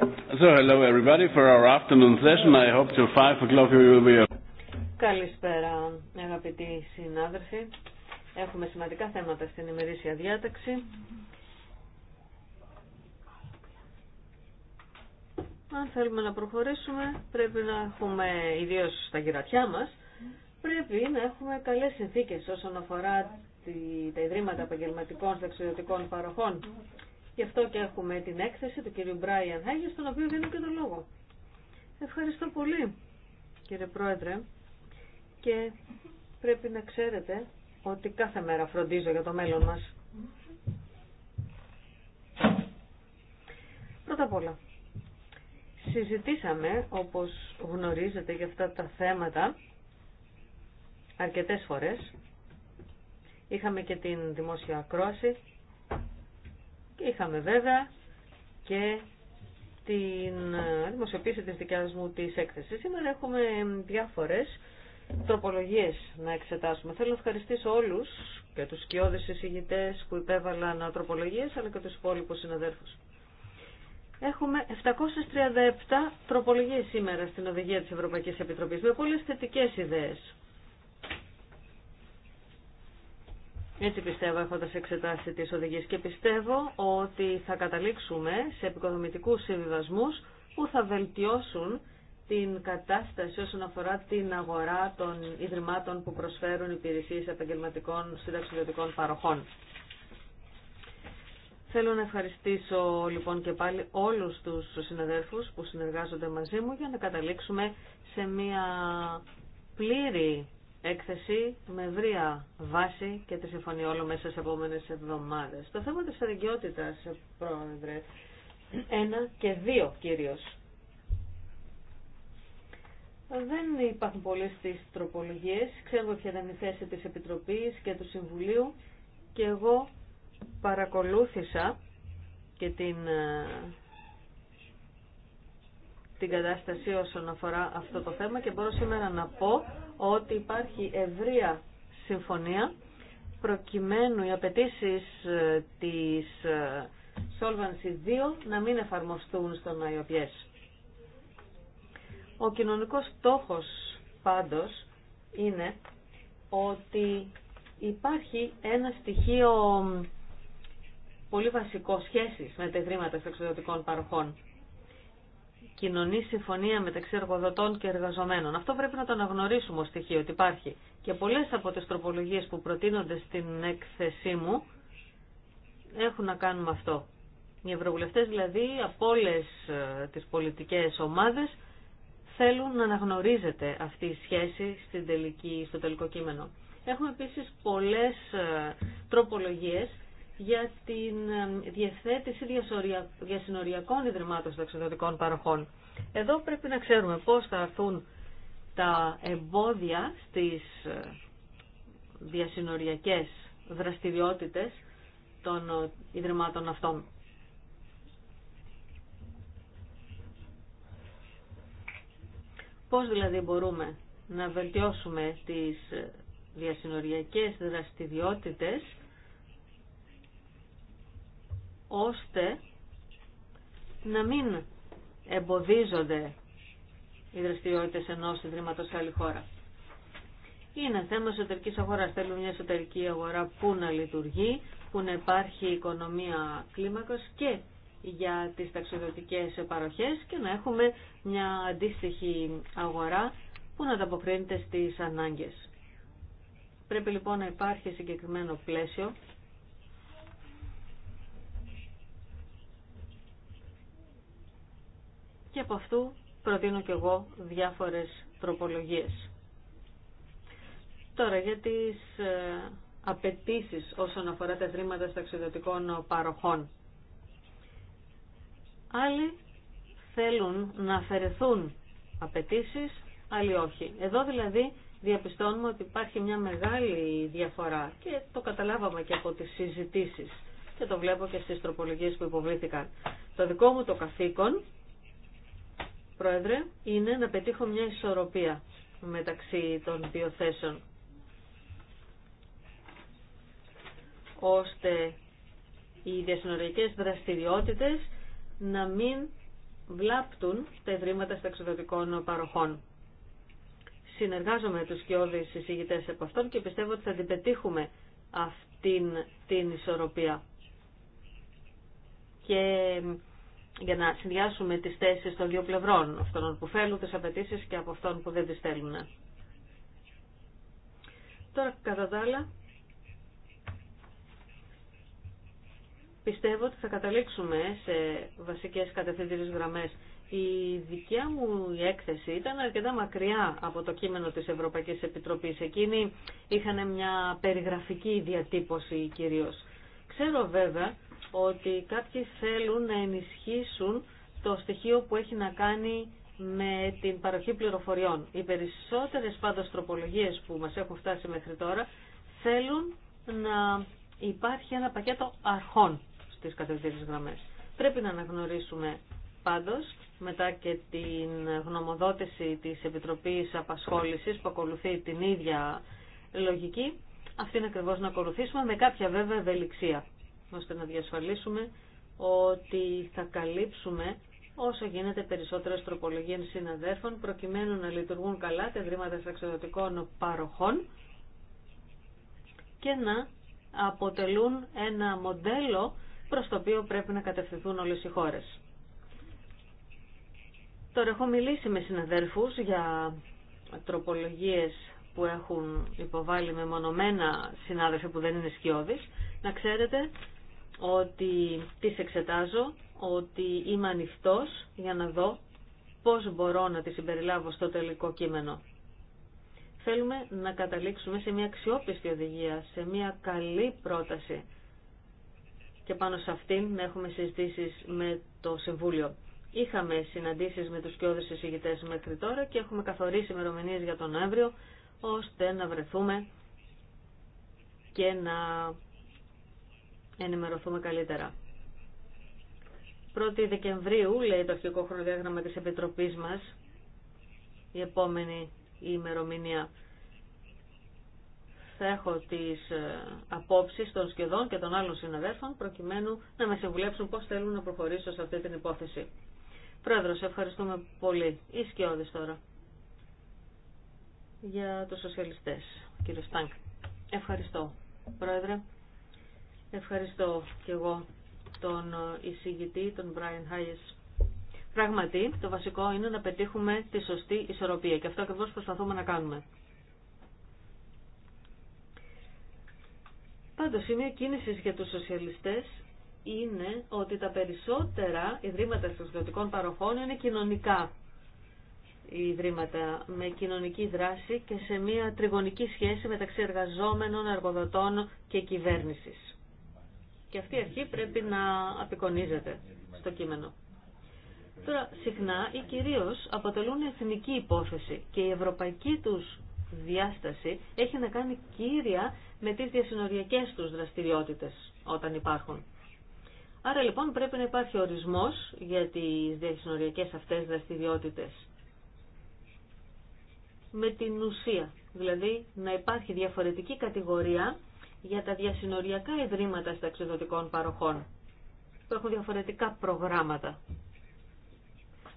hello everybody for our afternoon session. I hope till o'clock will be Καλησπέρα αγαπητοί συνάδελφοι. Έχουμε σημαντικά θέματα στην ημερήσια διάταξη. Αν θέλουμε να προχωρήσουμε πρέπει να έχουμε, ιδίω στα γυρατιά μας, πρέπει να έχουμε καλέ συνθήκε όσον αφορά τα Ιδρύματα Επαγγελματικών Δεξιδιωτικών Παροχών Γι' αυτό και έχουμε την έκθεση του κυρίου Μπράιαν Χάγε, στον οποίο δίνω και τον λόγο. Ευχαριστώ πολύ, κύριε Πρόεδρε. Και πρέπει να ξέρετε ότι κάθε μέρα φροντίζω για το μέλλον μας. Πρώτα απ' όλα, συζητήσαμε, όπως γνωρίζετε, για αυτά τα θέματα αρκετές φορές. Είχαμε και την δημόσια ακρόαση Είχαμε βέβαια και την ε, δημοσιοποίηση της δικιάς μου της έκθεσης. Σήμερα έχουμε διάφορες τροπολογίες να εξετάσουμε. Θέλω να ευχαριστήσω όλους και τους σκιώδες εισηγητές που υπέβαλαν τροπολογίες αλλά και τους υπόλοιπους συναδέρφους. Έχουμε 737 τροπολογίες σήμερα στην Οδηγία της Ευρωπαϊκής Επιτροπής με πολλές θετικές ιδέες. Έτσι πιστεύω έχοντας εξετάσει τις οδηγίες και πιστεύω ότι θα καταλήξουμε σε επικοδομητικούς συμβιβασμούς που θα βελτιώσουν την κατάσταση όσον αφορά την αγορά των ιδρυμάτων που προσφέρουν υπηρεσίες επαγγελματικών συνταξιδιωτικών παροχών. Θέλω να ευχαριστήσω λοιπόν και πάλι όλους τους συναδέλφους που συνεργάζονται μαζί μου για να καταλήξουμε σε μια πλήρη έκθεση με ευρεία βάση και τη συμφωνεί όλο μέσα σε επόμενες εβδομάδες. Το θέμα της σε πρόεδρε, ένα και δύο κυρίως. Δεν υπάρχουν πολλές τις τροπολογίες. Ξέρω ποια ήταν η θέση της Επιτροπής και του Συμβουλίου και εγώ παρακολούθησα και την ε, την κατάσταση όσον αφορά αυτό το θέμα και μπορώ σήμερα να πω ότι υπάρχει ευρεία συμφωνία προκειμένου οι απαιτήσει ε, της ε, Solvency 2 να μην εφαρμοστούν στον IOPS. Ο κοινωνικός στόχος πάντως είναι ότι υπάρχει ένα στοιχείο πολύ βασικό σχέσης με τα ιδρύματα εξωτερικών παροχών κοινωνή συμφωνία μεταξύ εργοδοτών και εργαζομένων. Αυτό πρέπει να το αναγνωρίσουμε ως στοιχείο ότι υπάρχει. Και πολλές από τις τροπολογίες που προτείνονται στην έκθεσή μου έχουν να κάνουν με αυτό. Οι ευρωβουλευτές δηλαδή από όλε ε, τις πολιτικές ομάδες θέλουν να αναγνωρίζεται αυτή η σχέση στην τελική, στο τελικό κείμενο. Έχουμε επίσης πολλές ε, τροπολογίες για την διευθέτηση διασυνοριακών ιδρυμάτων εξωτερικών παροχών. Εδώ πρέπει να ξέρουμε πώς θα έρθουν τα εμπόδια στις ε, διασυνοριακές δραστηριότητες των ε, ιδρυμάτων αυτών. Πώς δηλαδή μπορούμε να βελτιώσουμε τις ε, διασυνοριακές δραστηριότητες ώστε να μην εμποδίζονται οι δραστηριότητε ενό ιδρύματο σε άλλη χώρα. Είναι θέμα εσωτερική αγορά. Θέλουμε μια εσωτερική αγορά που να λειτουργεί, που να υπάρχει οικονομία κλίμακο και για τις ταξιδοτικές παροχές και να έχουμε μια αντίστοιχη αγορά που να ανταποκρίνεται στις ανάγκες. Πρέπει λοιπόν να υπάρχει συγκεκριμένο πλαίσιο και από αυτού προτείνω και εγώ διάφορες τροπολογίες. Τώρα για τις ε, απαιτήσει όσον αφορά τα στα σταξιδωτικών παροχών. Άλλοι θέλουν να αφαιρεθούν απαιτήσει, άλλοι όχι. Εδώ δηλαδή διαπιστώνουμε ότι υπάρχει μια μεγάλη διαφορά και το καταλάβαμε και από τις συζητήσεις και το βλέπω και στις τροπολογίες που υποβλήθηκαν. Το δικό μου το καθήκον Πρόεδρε, είναι να πετύχω μια ισορροπία μεταξύ των δύο θέσεων. Ώστε οι διασυνοριακές δραστηριότητες να μην βλάπτουν τα ευρήματα σταξιδωτικών παροχών. Συνεργάζομαι τους κοιόδης συζητητές από αυτόν και πιστεύω ότι θα την πετύχουμε αυτήν την ισορροπία. Και για να συνδυάσουμε τις θέσεις των δύο πλευρών, αυτών που θέλουν τις απαιτήσει και από αυτών που δεν τις θέλουν. Τώρα, κατά τα άλλα, πιστεύω ότι θα καταλήξουμε σε βασικές κατευθυντήριες γραμμές. Η δικιά μου έκθεση ήταν αρκετά μακριά από το κείμενο της Ευρωπαϊκής Επιτροπής. εκείνη είχαν μια περιγραφική διατύπωση κυρίως. Ξέρω βέβαια ότι κάποιοι θέλουν να ενισχύσουν το στοιχείο που έχει να κάνει με την παροχή πληροφοριών. Οι περισσότερες πάντως τροπολογίες που μας έχουν φτάσει μέχρι τώρα θέλουν να υπάρχει ένα πακέτο αρχών στις κατευθύνσεις γραμμές. Πρέπει να αναγνωρίσουμε πάντως μετά και την γνωμοδότηση της Επιτροπής Απασχόλησης που ακολουθεί την ίδια λογική αυτήν ακριβώς να ακολουθήσουμε με κάποια βέβαια ευελιξία ώστε να διασφαλίσουμε ότι θα καλύψουμε όσο γίνεται περισσότερες τροπολογίες συναδέρφων προκειμένου να λειτουργούν καλά τα ευρήματα εξοδοτικών παροχών και να αποτελούν ένα μοντέλο προς το οποίο πρέπει να κατευθυνθούν όλες οι χώρες. Τώρα έχω μιλήσει με συναδέρφους για τροπολογίες που έχουν υποβάλει μονομένα συνάδελφοι που δεν είναι σκιώδεις. Να ξέρετε ότι τις εξετάζω, ότι είμαι ανοιχτό για να δω πώς μπορώ να τις συμπεριλάβω στο τελικό κείμενο. Θέλουμε να καταλήξουμε σε μια αξιόπιστη οδηγία, σε μια καλή πρόταση και πάνω σε αυτήν να έχουμε συζητήσεις με το Συμβούλιο. Είχαμε συναντήσεις με τους κοιόδες εισηγητές μέχρι τώρα και έχουμε καθορίσει ημερομηνίε για τον Νοέμβριο ώστε να βρεθούμε και να ενημερωθούμε καλύτερα. 1η Δεκεμβρίου, λέει το αρχικό χρονοδιάγραμμα της Επιτροπής μας, η επόμενη ημερομηνία. Θα έχω τις ε, απόψεις των σχεδόν και των άλλων συναδέλφων, προκειμένου να με συμβουλέψουν πώς θέλουν να προχωρήσω σε αυτή την υπόθεση. Πρόεδρος, ευχαριστούμε πολύ. Ισκιώδης τώρα. Για τους σοσιαλιστές, κύριε Στάνκ. Ευχαριστώ, Πρόεδρε. Ευχαριστώ και εγώ τον εισηγητή, τον Brian Hayes. Πράγματι, το βασικό είναι να πετύχουμε τη σωστή ισορροπία και αυτό ακριβώ προσπαθούμε να κάνουμε. Πάντως, σημείο κίνηση για τους σοσιαλιστές είναι ότι τα περισσότερα ιδρύματα στρατιωτικών παροχών είναι κοινωνικά ιδρύματα με κοινωνική δράση και σε μια τριγωνική σχέση μεταξύ εργαζόμενων, εργοδοτών και κυβέρνησης. Και αυτή η αρχή πρέπει να απεικονίζεται στο κείμενο. Τώρα, συχνά ή κυρίω αποτελούν εθνική υπόθεση και η ευρωπαϊκή τους διάσταση έχει να κάνει κύρια με τις διασυνοριακές τους δραστηριότητες όταν υπάρχουν. Άρα λοιπόν πρέπει να υπάρχει ορισμός για τις διασυνοριακές αυτές δραστηριότητες. Με την ουσία, δηλαδή να υπάρχει διαφορετική κατηγορία για τα διασυνοριακά ιδρύματα σταξιδωτικών παροχών που έχουν διαφορετικά προγράμματα.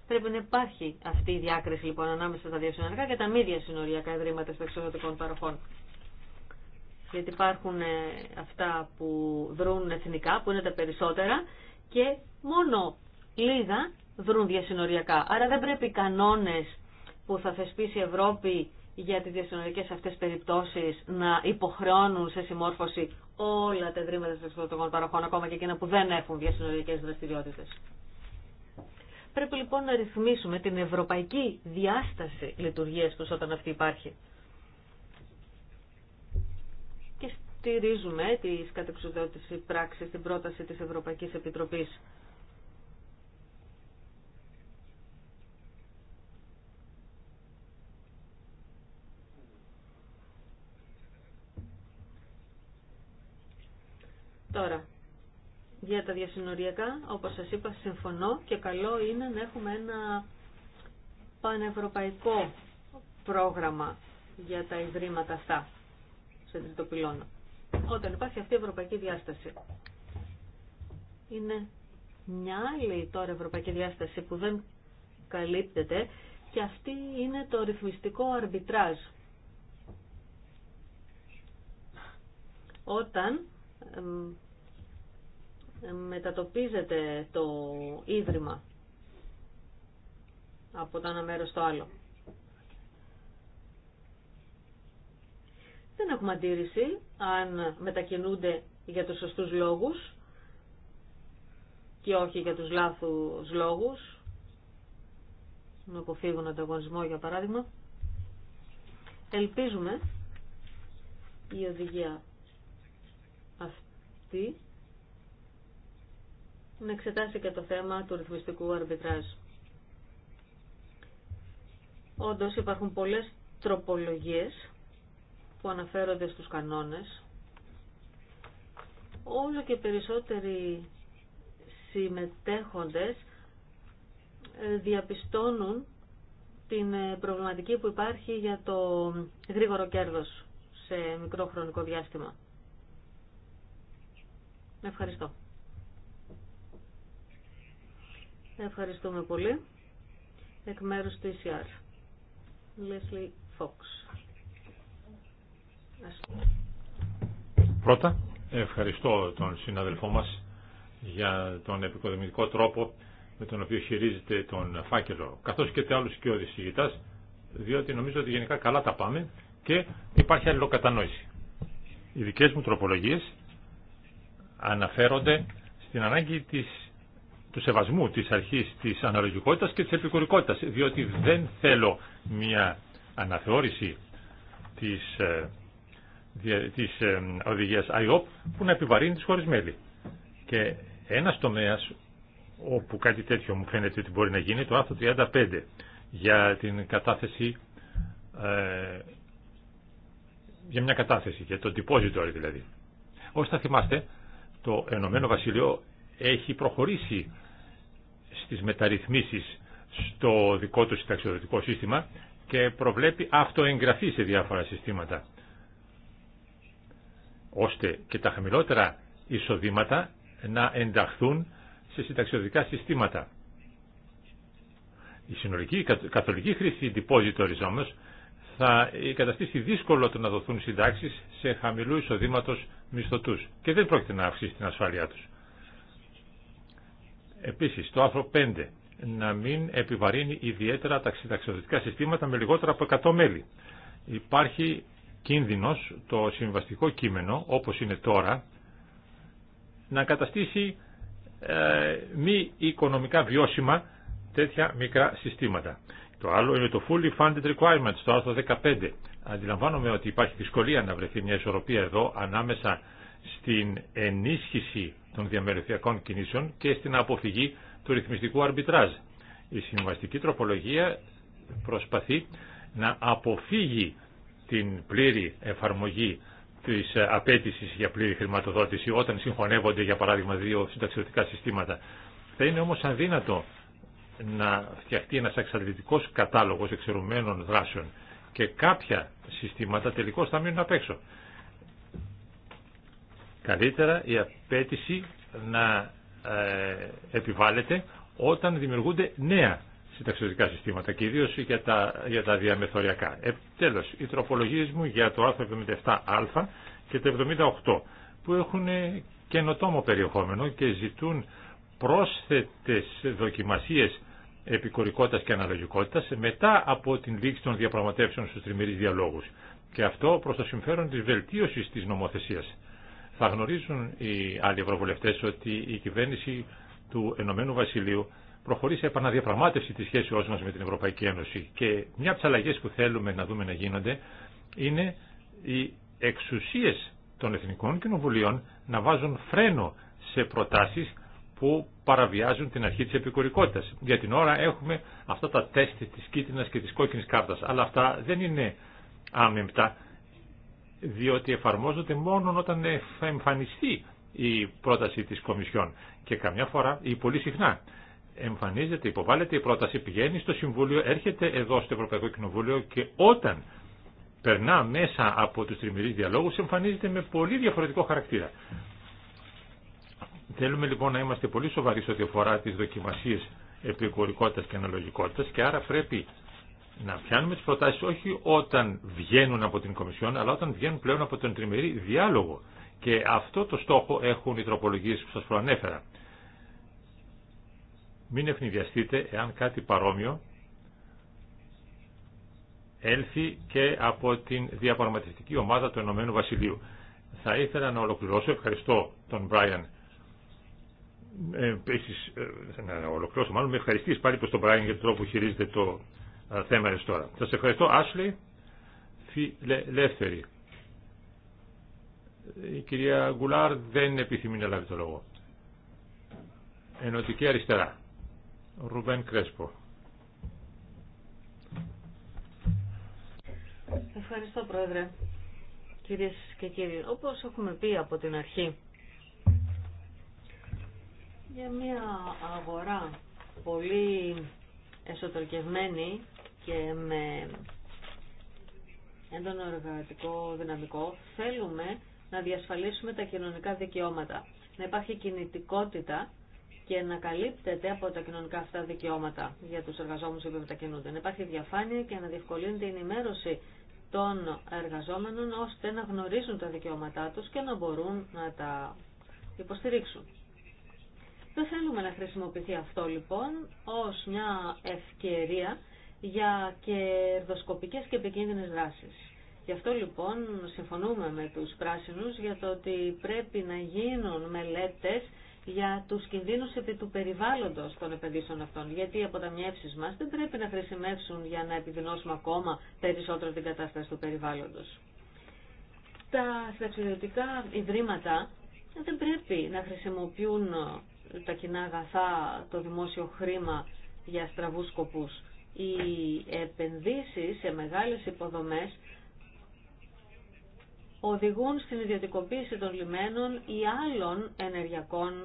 Πρέπει να υπάρχει αυτή η διάκριση λοιπόν ανάμεσα στα διασυνοριακά και τα μη διασυνοριακά ιδρύματα εξοδοτικών παροχών. Γιατί υπάρχουν ε, αυτά που δρούν εθνικά, που είναι τα περισσότερα, και μόνο λίγα δρούν διασυνοριακά. Άρα δεν πρέπει οι κανόνες που θα θεσπίσει η Ευρώπη για τις διασυνορικές αυτές περιπτώσεις να υποχρεώνουν σε συμμόρφωση όλα τα ευρήματα των εξωτερικών παροχών, ακόμα και εκείνα που δεν έχουν διασυνορικές δραστηριότητες. Πρέπει λοιπόν να ρυθμίσουμε την ευρωπαϊκή διάσταση λειτουργίας τους όταν αυτή υπάρχει. Και στηρίζουμε τις κατεξουδότηση πράξεις στην πρόταση της Ευρωπαϊκής Επιτροπής. Τώρα, για τα διασυνοριακά, όπως σας είπα, συμφωνώ και καλό είναι να έχουμε ένα πανευρωπαϊκό πρόγραμμα για τα ιδρύματα αυτά, σε τρίτο Όταν υπάρχει αυτή η ευρωπαϊκή διάσταση. Είναι μια άλλη τώρα ευρωπαϊκή διάσταση που δεν καλύπτεται και αυτή είναι το ρυθμιστικό αρμπιτράζ. Όταν μετατοπίζεται το ίδρυμα από το ένα μέρος στο άλλο. Δεν έχουμε αντίρρηση αν μετακινούνται για τους σωστούς λόγους και όχι για τους λάθους λόγους, να αποφύγουν ανταγωνισμό για παράδειγμα. Ελπίζουμε η οδηγία αυτή να εξετάσει και το θέμα του ρυθμιστικού αρμπιτράζ. Όντω υπάρχουν πολλές τροπολογίες που αναφέρονται στους κανόνες. Όλο και περισσότεροι συμμετέχοντες ε, διαπιστώνουν την ε, προβληματική που υπάρχει για το γρήγορο κέρδος σε μικρό χρονικό διάστημα. Ευχαριστώ. Ευχαριστούμε πολύ. Εκ μέρους του ECR. Leslie Fox. Πρώτα, ευχαριστώ τον συναδελφό μας για τον επικοδομητικό τρόπο με τον οποίο χειρίζεται τον φάκελο, καθώς και άλλους και οδησηγητάς, διότι νομίζω ότι γενικά καλά τα πάμε και υπάρχει αλληλοκατανόηση. Οι δικές μου τροπολογίες αναφέρονται στην ανάγκη της του σεβασμού της αρχής της αναλογικότητας και της επικουρικότητας, διότι δεν θέλω μια αναθεώρηση της, ε, της ε, οδηγίας IOP που να επιβαρύνει τις χώρες μέλη. Και ένας τομέας όπου κάτι τέτοιο μου φαίνεται ότι μπορεί να γίνει, το άρθρο 35 για την κατάθεση ε, για μια κατάθεση, για το depository δηλαδή. Όσοι θα θυμάστε, το Ενωμένο Βασίλειο έχει προχωρήσει στις μεταρρυθμίσεις στο δικό του συνταξιοδοτικό σύστημα και προβλέπει αυτοεγγραφή σε διάφορα συστήματα ώστε και τα χαμηλότερα εισοδήματα να ενταχθούν σε συνταξιοδοτικά συστήματα. Η συνολική καθολική χρήση depositories όμως θα καταστήσει δύσκολο το να δοθούν συντάξεις σε χαμηλού εισοδήματος μισθωτούς και δεν πρόκειται να αυξήσει την ασφάλειά τους. Επίσης, το άρθρο 5 να μην επιβαρύνει ιδιαίτερα τα συστήματα με λιγότερα από 100 μέλη. Υπάρχει κίνδυνος το συμβαστικό κείμενο, όπως είναι τώρα, να καταστήσει ε, μη οικονομικά βιώσιμα τέτοια μικρά συστήματα. Το άλλο είναι το Fully Funded Requirements, το άρθρο 15. Αντιλαμβάνομαι ότι υπάρχει δυσκολία να βρεθεί μια ισορροπία εδώ ανάμεσα στην ενίσχυση των διαμεροφιακών κινήσεων και στην αποφυγή του ρυθμιστικού αρμπιτράζ. Η συμβαστική τροπολογία προσπαθεί να αποφύγει την πλήρη εφαρμογή τη απέτηση για πλήρη χρηματοδότηση όταν συγχωνεύονται για παράδειγμα δύο συνταξιδοτικά συστήματα. Θα είναι όμω αδύνατο να φτιαχτεί ένα εξαντλητικό κατάλογο εξαιρουμένων δράσεων και κάποια συστήματα τελικώ θα μείνουν απ' έξω. Καλύτερα η απέτηση να ε, επιβάλλεται όταν δημιουργούνται νέα συνταξιδοτικά συστήματα και ιδίω για τα, για τα διαμεθοριακά. Ε, οι τροπολογίε μου για το άρθρο 77α και το 78 που έχουν καινοτόμο περιεχόμενο και ζητούν πρόσθετες δοκιμασίες επικορικότητας και αναλογικότητας μετά από την λήξη των διαπραγματεύσεων στους τριμερείς διαλόγους. Και αυτό προς το συμφέρον της βελτίωσης της νομοθεσίας. Θα γνωρίζουν οι άλλοι ευρωβουλευτέ ότι η κυβέρνηση του Ενωμένου Βασιλείου προχωρεί σε επαναδιαπραγμάτευση της σχέσης μα με την Ευρωπαϊκή Ένωση και μια από τι αλλαγέ που θέλουμε να δούμε να γίνονται είναι οι εξουσίες των Εθνικών Κοινοβουλίων να βάζουν φρένο σε προτάσεις που παραβιάζουν την αρχή της επικουρικότητας. Για την ώρα έχουμε αυτά τα τέστη της κίτρινας και της κόκκινης κάρτας, αλλά αυτά δεν είναι άμεμπτα διότι εφαρμόζονται μόνο όταν εμφανιστεί η πρόταση της Κομισιόν και καμιά φορά ή πολύ συχνά εμφανίζεται, υποβάλλεται η πρόταση, πηγαίνει στο Συμβούλιο, έρχεται εδώ στο Ευρωπαϊκό Κοινοβούλιο και όταν περνά μέσα από τους τριμηρείς διαλόγους εμφανίζεται με πολύ διαφορετικό χαρακτήρα. Θέλουμε λοιπόν να είμαστε πολύ σοβαροί σε ό,τι αφορά τις δοκιμασίες επικουρικότητας και αναλογικότητας και άρα πρέπει να πιάνουμε τις προτάσεις όχι όταν βγαίνουν από την Κομισιόν, αλλά όταν βγαίνουν πλέον από τον τριμερή διάλογο. Και αυτό το στόχο έχουν οι τροπολογίες που σας προανέφερα. Μην ευνηδιαστείτε εάν κάτι παρόμοιο έλθει και από την διαπραγματευτική ομάδα του Ενωμένου Βασιλείου. Θα ήθελα να ολοκληρώσω, ευχαριστώ τον Μπράιαν, ε, επίσης, ε, να ολοκληρώσω μάλλον, με ευχαριστήσει πάλι προς τον Μπράιαν για τον τρόπο που χειρίζεται το ε, θέμα τώρα. Σας ευχαριστώ, Άσλι, Φιλελεύθερη. Η κυρία Γκουλάρ δεν επιθυμεί να λάβει το λόγο. Ενωτική αριστερά. Ρουμπέν Κρέσπο. Ευχαριστώ, Πρόεδρε. Κυρίε και κύριοι, Όπω έχουμε πει από την αρχή, για μια αγορά πολύ εσωτερικευμένη και με έντονο εργατικό δυναμικό θέλουμε να διασφαλίσουμε τα κοινωνικά δικαιώματα, να υπάρχει κινητικότητα και να καλύπτεται από τα κοινωνικά αυτά δικαιώματα για τους εργαζόμενους που μετακινούνται. Να υπάρχει διαφάνεια και να διευκολύνεται η ενημέρωση των εργαζόμενων ώστε να γνωρίζουν τα δικαιώματά τους και να μπορούν να τα υποστηρίξουν. Δεν θέλουμε να χρησιμοποιηθεί αυτό λοιπόν ως μια ευκαιρία για κερδοσκοπικές και επικίνδυνες δράσεις. Γι' αυτό λοιπόν συμφωνούμε με τους πράσινους για το ότι πρέπει να γίνουν μελέτες για τους κινδύνους επί του περιβάλλοντος των επενδύσεων αυτών. Γιατί οι αποταμιεύσεις μας δεν πρέπει να χρησιμεύσουν για να επιδεινώσουμε ακόμα περισσότερο την κατάσταση του περιβάλλοντος. Τα συνταξιδιωτικά ιδρύματα δεν πρέπει να χρησιμοποιούν τα κοινά αγαθά, το δημόσιο χρήμα για στραβούς σκοπούς οι επενδύσεις σε μεγάλες υποδομές οδηγούν στην ιδιωτικοποίηση των λιμένων ή άλλων ενεργειακών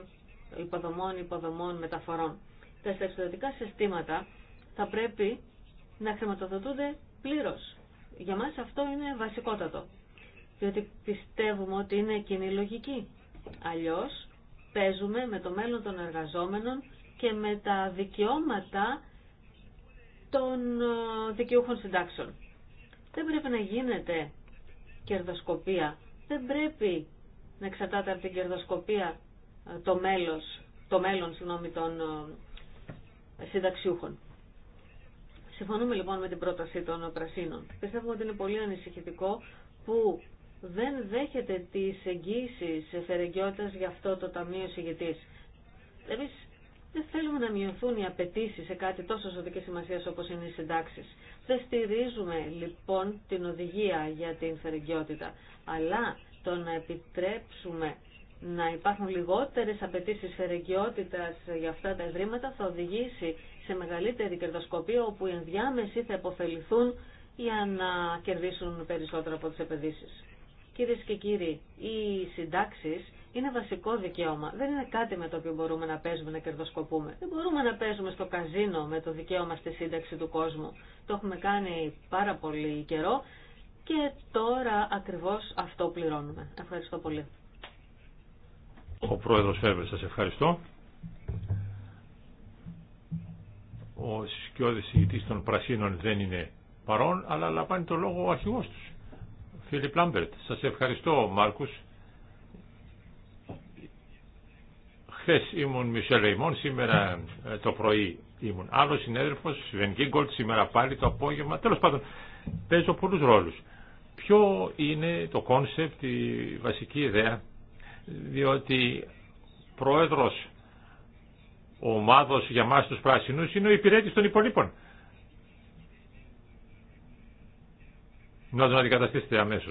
υποδομών, υποδομών μεταφορών. Τα στρατιωτικά συστήματα θα πρέπει να χρηματοδοτούνται πλήρως. Για μας αυτό είναι βασικότατο, διότι πιστεύουμε ότι είναι κοινή λογική. Αλλιώς παίζουμε με το μέλλον των εργαζόμενων και με τα δικαιώματα των ε, δικαιούχων συντάξεων. Δεν πρέπει να γίνεται κερδοσκοπία. Δεν πρέπει να εξαρτάται από την κερδοσκοπία ε, το, μέλος, το μέλλον των ε, συνταξιούχων. Συμφωνούμε λοιπόν με την πρόταση των πρασίνων. Πιστεύουμε ότι είναι πολύ ανησυχητικό που δεν δέχεται τις εγγύησεις εφαιρεγγιότητας για αυτό το Ταμείο Συγητής. Εμείς δεν θέλουμε να μειωθούν οι απαιτήσει σε κάτι τόσο ζωτική σημασία όπω είναι οι συντάξει. Δεν στηρίζουμε λοιπόν την οδηγία για την φερεγκιότητα, αλλά το να επιτρέψουμε να υπάρχουν λιγότερες απαιτήσει φερεγκιότητας για αυτά τα ευρήματα θα οδηγήσει σε μεγαλύτερη κερδοσκοπία όπου οι ενδιάμεσοι θα υποφεληθούν για να κερδίσουν περισσότερο από τι επενδύσει. Κυρίε και κύριοι, οι συντάξει είναι βασικό δικαίωμα. Δεν είναι κάτι με το οποίο μπορούμε να παίζουμε, να κερδοσκοπούμε. Δεν μπορούμε να παίζουμε στο καζίνο με το δικαίωμα στη σύνταξη του κόσμου. Το έχουμε κάνει πάρα πολύ καιρό και τώρα ακριβώς αυτό πληρώνουμε. Ευχαριστώ πολύ. Ο πρόεδρος Φέρβερ, σας ευχαριστώ. Ο σκιώδης ηγητής των Πρασίνων δεν είναι παρόν, αλλά λαμβάνει το λόγο ο αρχηγός τους. Φίλιπ Λάμπερτ, σας ευχαριστώ Μάρκους. Χθε ήμουν Μισελ Λεϊμόν, σήμερα ε, το πρωί ήμουν άλλο συνέδελφο, Σβεν Γκίγκολτ, σήμερα πάλι το απόγευμα. Τέλο πάντων, παίζω πολλού ρόλου. Ποιο είναι το κόνσεπτ, η βασική ιδέα, διότι πρόεδρο ομάδο για εμά του πράσινου είναι ο υπηρέτη των υπολείπων. Να τον αντικαταστήσετε αμέσω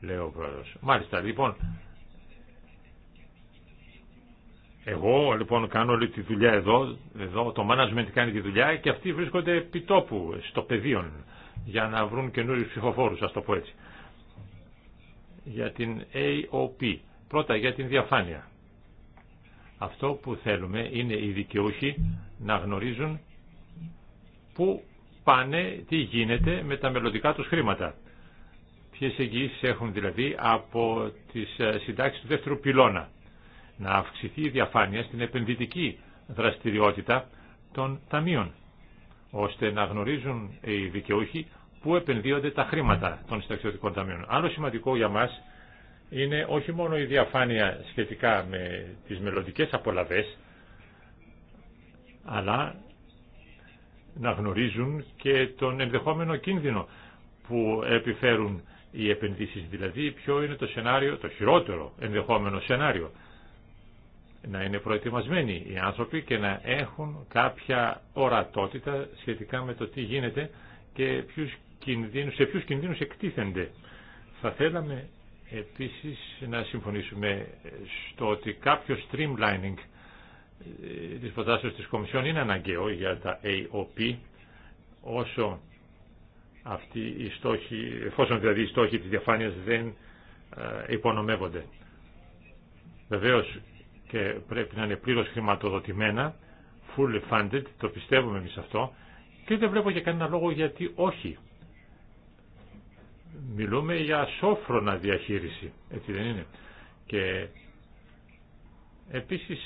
λέει ο πρόεδρος. Μάλιστα, λοιπόν, εγώ λοιπόν κάνω όλη τη δουλειά εδώ, εδώ το management κάνει τη δουλειά και αυτοί βρίσκονται επί τόπου, στο πεδίο, για να βρουν καινούριου ψηφοφόρου, α το πω έτσι. Για την AOP. Πρώτα για την διαφάνεια. Αυτό που θέλουμε είναι οι δικαιούχοι να γνωρίζουν πού πάνε, τι γίνεται με τα μελλοντικά τους χρήματα. Ποιες εγγυήσεις έχουν δηλαδή από τις ε, συντάξεις του δεύτερου πυλώνα να αυξηθεί η διαφάνεια στην επενδυτική δραστηριότητα των ταμείων, ώστε να γνωρίζουν οι δικαιούχοι πού επενδύονται τα χρήματα των συνταξιωτικών ταμείων. Άλλο σημαντικό για μας είναι όχι μόνο η διαφάνεια σχετικά με τις μελλοντικές απολαβές, αλλά να γνωρίζουν και τον ενδεχόμενο κίνδυνο που επιφέρουν οι επενδύσεις, δηλαδή ποιο είναι το σενάριο, το χειρότερο ενδεχόμενο σενάριο να είναι προετοιμασμένοι οι άνθρωποι και να έχουν κάποια ορατότητα σχετικά με το τι γίνεται και ποιους κινδύνους, σε ποιους κινδύνους εκτίθενται. Θα θέλαμε επίσης να συμφωνήσουμε στο ότι κάποιο streamlining ε, της προτάσεως της Κομισιόν είναι αναγκαίο για τα AOP όσο αυτοί οι εφόσον δηλαδή οι στόχοι της διαφάνειας δεν ε, υπονομεύονται. Βεβαίως και πρέπει να είναι πλήρω χρηματοδοτημένα, fully funded, το πιστεύουμε εμείς αυτό, και δεν βλέπω για κανένα λόγο γιατί όχι. Μιλούμε για σόφρονα διαχείριση, έτσι δεν είναι. Και επίσης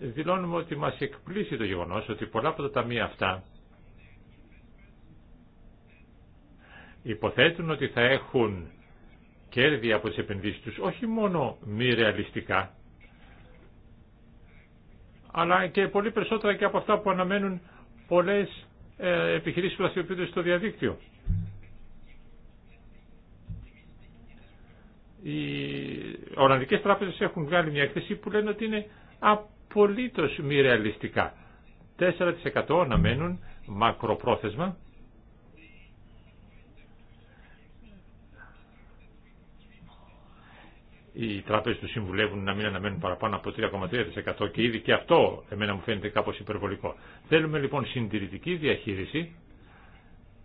δηλώνουμε ότι μας εκπλήσει το γεγονός ότι πολλά από τα ταμεία αυτά υποθέτουν ότι θα έχουν κέρδη από τις επενδύσεις τους όχι μόνο μη ρεαλιστικά αλλά και πολύ περισσότερα και από αυτά που αναμένουν πολλές ε, επιχειρήσεις που δραστηριοποιούνται στο διαδίκτυο. Οι Ολλανδικές τράπεζες έχουν βγάλει μια έκθεση που λένε ότι είναι απολύτως μη ρεαλιστικά. 4% αναμένουν μακροπρόθεσμα οι τράπεζε του συμβουλεύουν να μην αναμένουν παραπάνω από 3,3% και ήδη και αυτό εμένα μου φαίνεται κάπως υπερβολικό. Θέλουμε λοιπόν συντηρητική διαχείριση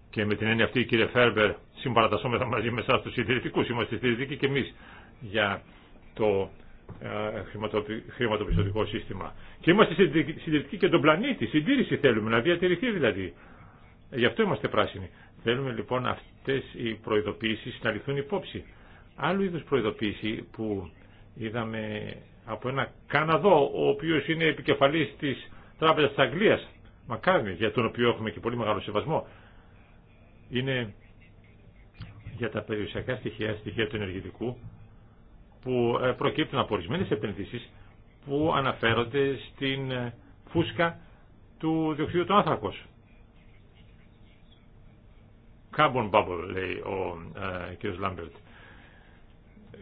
και με την έννοια αυτή κύριε Φέρμπερ συμπαρατασσόμεθα μαζί με εσάς τους συντηρητικούς, είμαστε συντηρητικοί και εμείς για το ε, χρηματοπιστωτικό σύστημα. Και είμαστε συντηρητικοί και τον πλανήτη, συντήρηση θέλουμε να διατηρηθεί δηλαδή. Γι' αυτό είμαστε πράσινοι. Θέλουμε λοιπόν αυτές οι προειδοποιήσεις να ληφθούν υπόψη άλλου είδους προειδοποίηση που είδαμε από ένα Καναδό, ο οποίος είναι επικεφαλής της Τράπεζας της Αγγλίας, μακάρι για τον οποίο έχουμε και πολύ μεγάλο σεβασμό, είναι για τα περιουσιακά στοιχεία, στοιχεία του ενεργητικού, που ε, προκύπτουν από ορισμένε επενδύσεις που αναφέρονται στην ε, φούσκα του διοξιδίου του άνθρακος. Carbon bubble, λέει ο ε, κ. Λάμπερτ.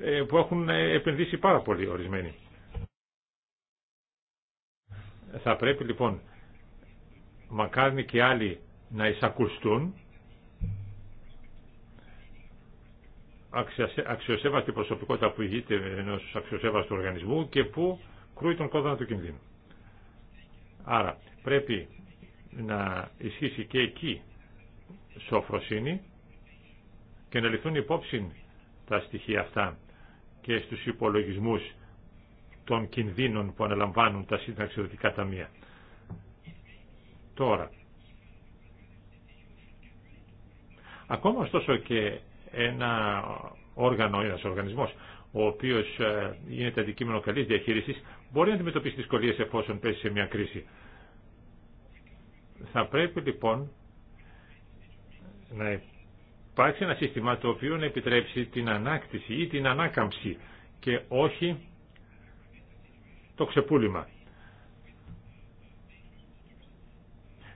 Ε, που έχουν ε, επενδύσει πάρα πολύ ορισμένοι. Θα πρέπει λοιπόν μακάρι και άλλοι να εισακουστούν αξιοσέβαστη προσωπικότητα που ηγείται ενός αξιοσέβαστου οργανισμού και που κρούει τον κόδωνα του κινδύνου. Άρα πρέπει να ισχύσει και εκεί σοφροσύνη και να ληφθούν υπόψη τα στοιχεία αυτά και στους υπολογισμούς των κινδύνων που αναλαμβάνουν τα συνταξιδοτικά ταμεία. Τώρα, ακόμα ωστόσο και ένα όργανο, ένας οργανισμός, ο οποίος ε, γίνεται αντικείμενο καλής διαχείρισης, μπορεί να αντιμετωπίσει δυσκολίες εφόσον πέσει σε μια κρίση. Θα πρέπει λοιπόν να υπάρξει ένα σύστημα το οποίο να επιτρέψει την ανάκτηση ή την ανάκαμψη και όχι το ξεπούλημα.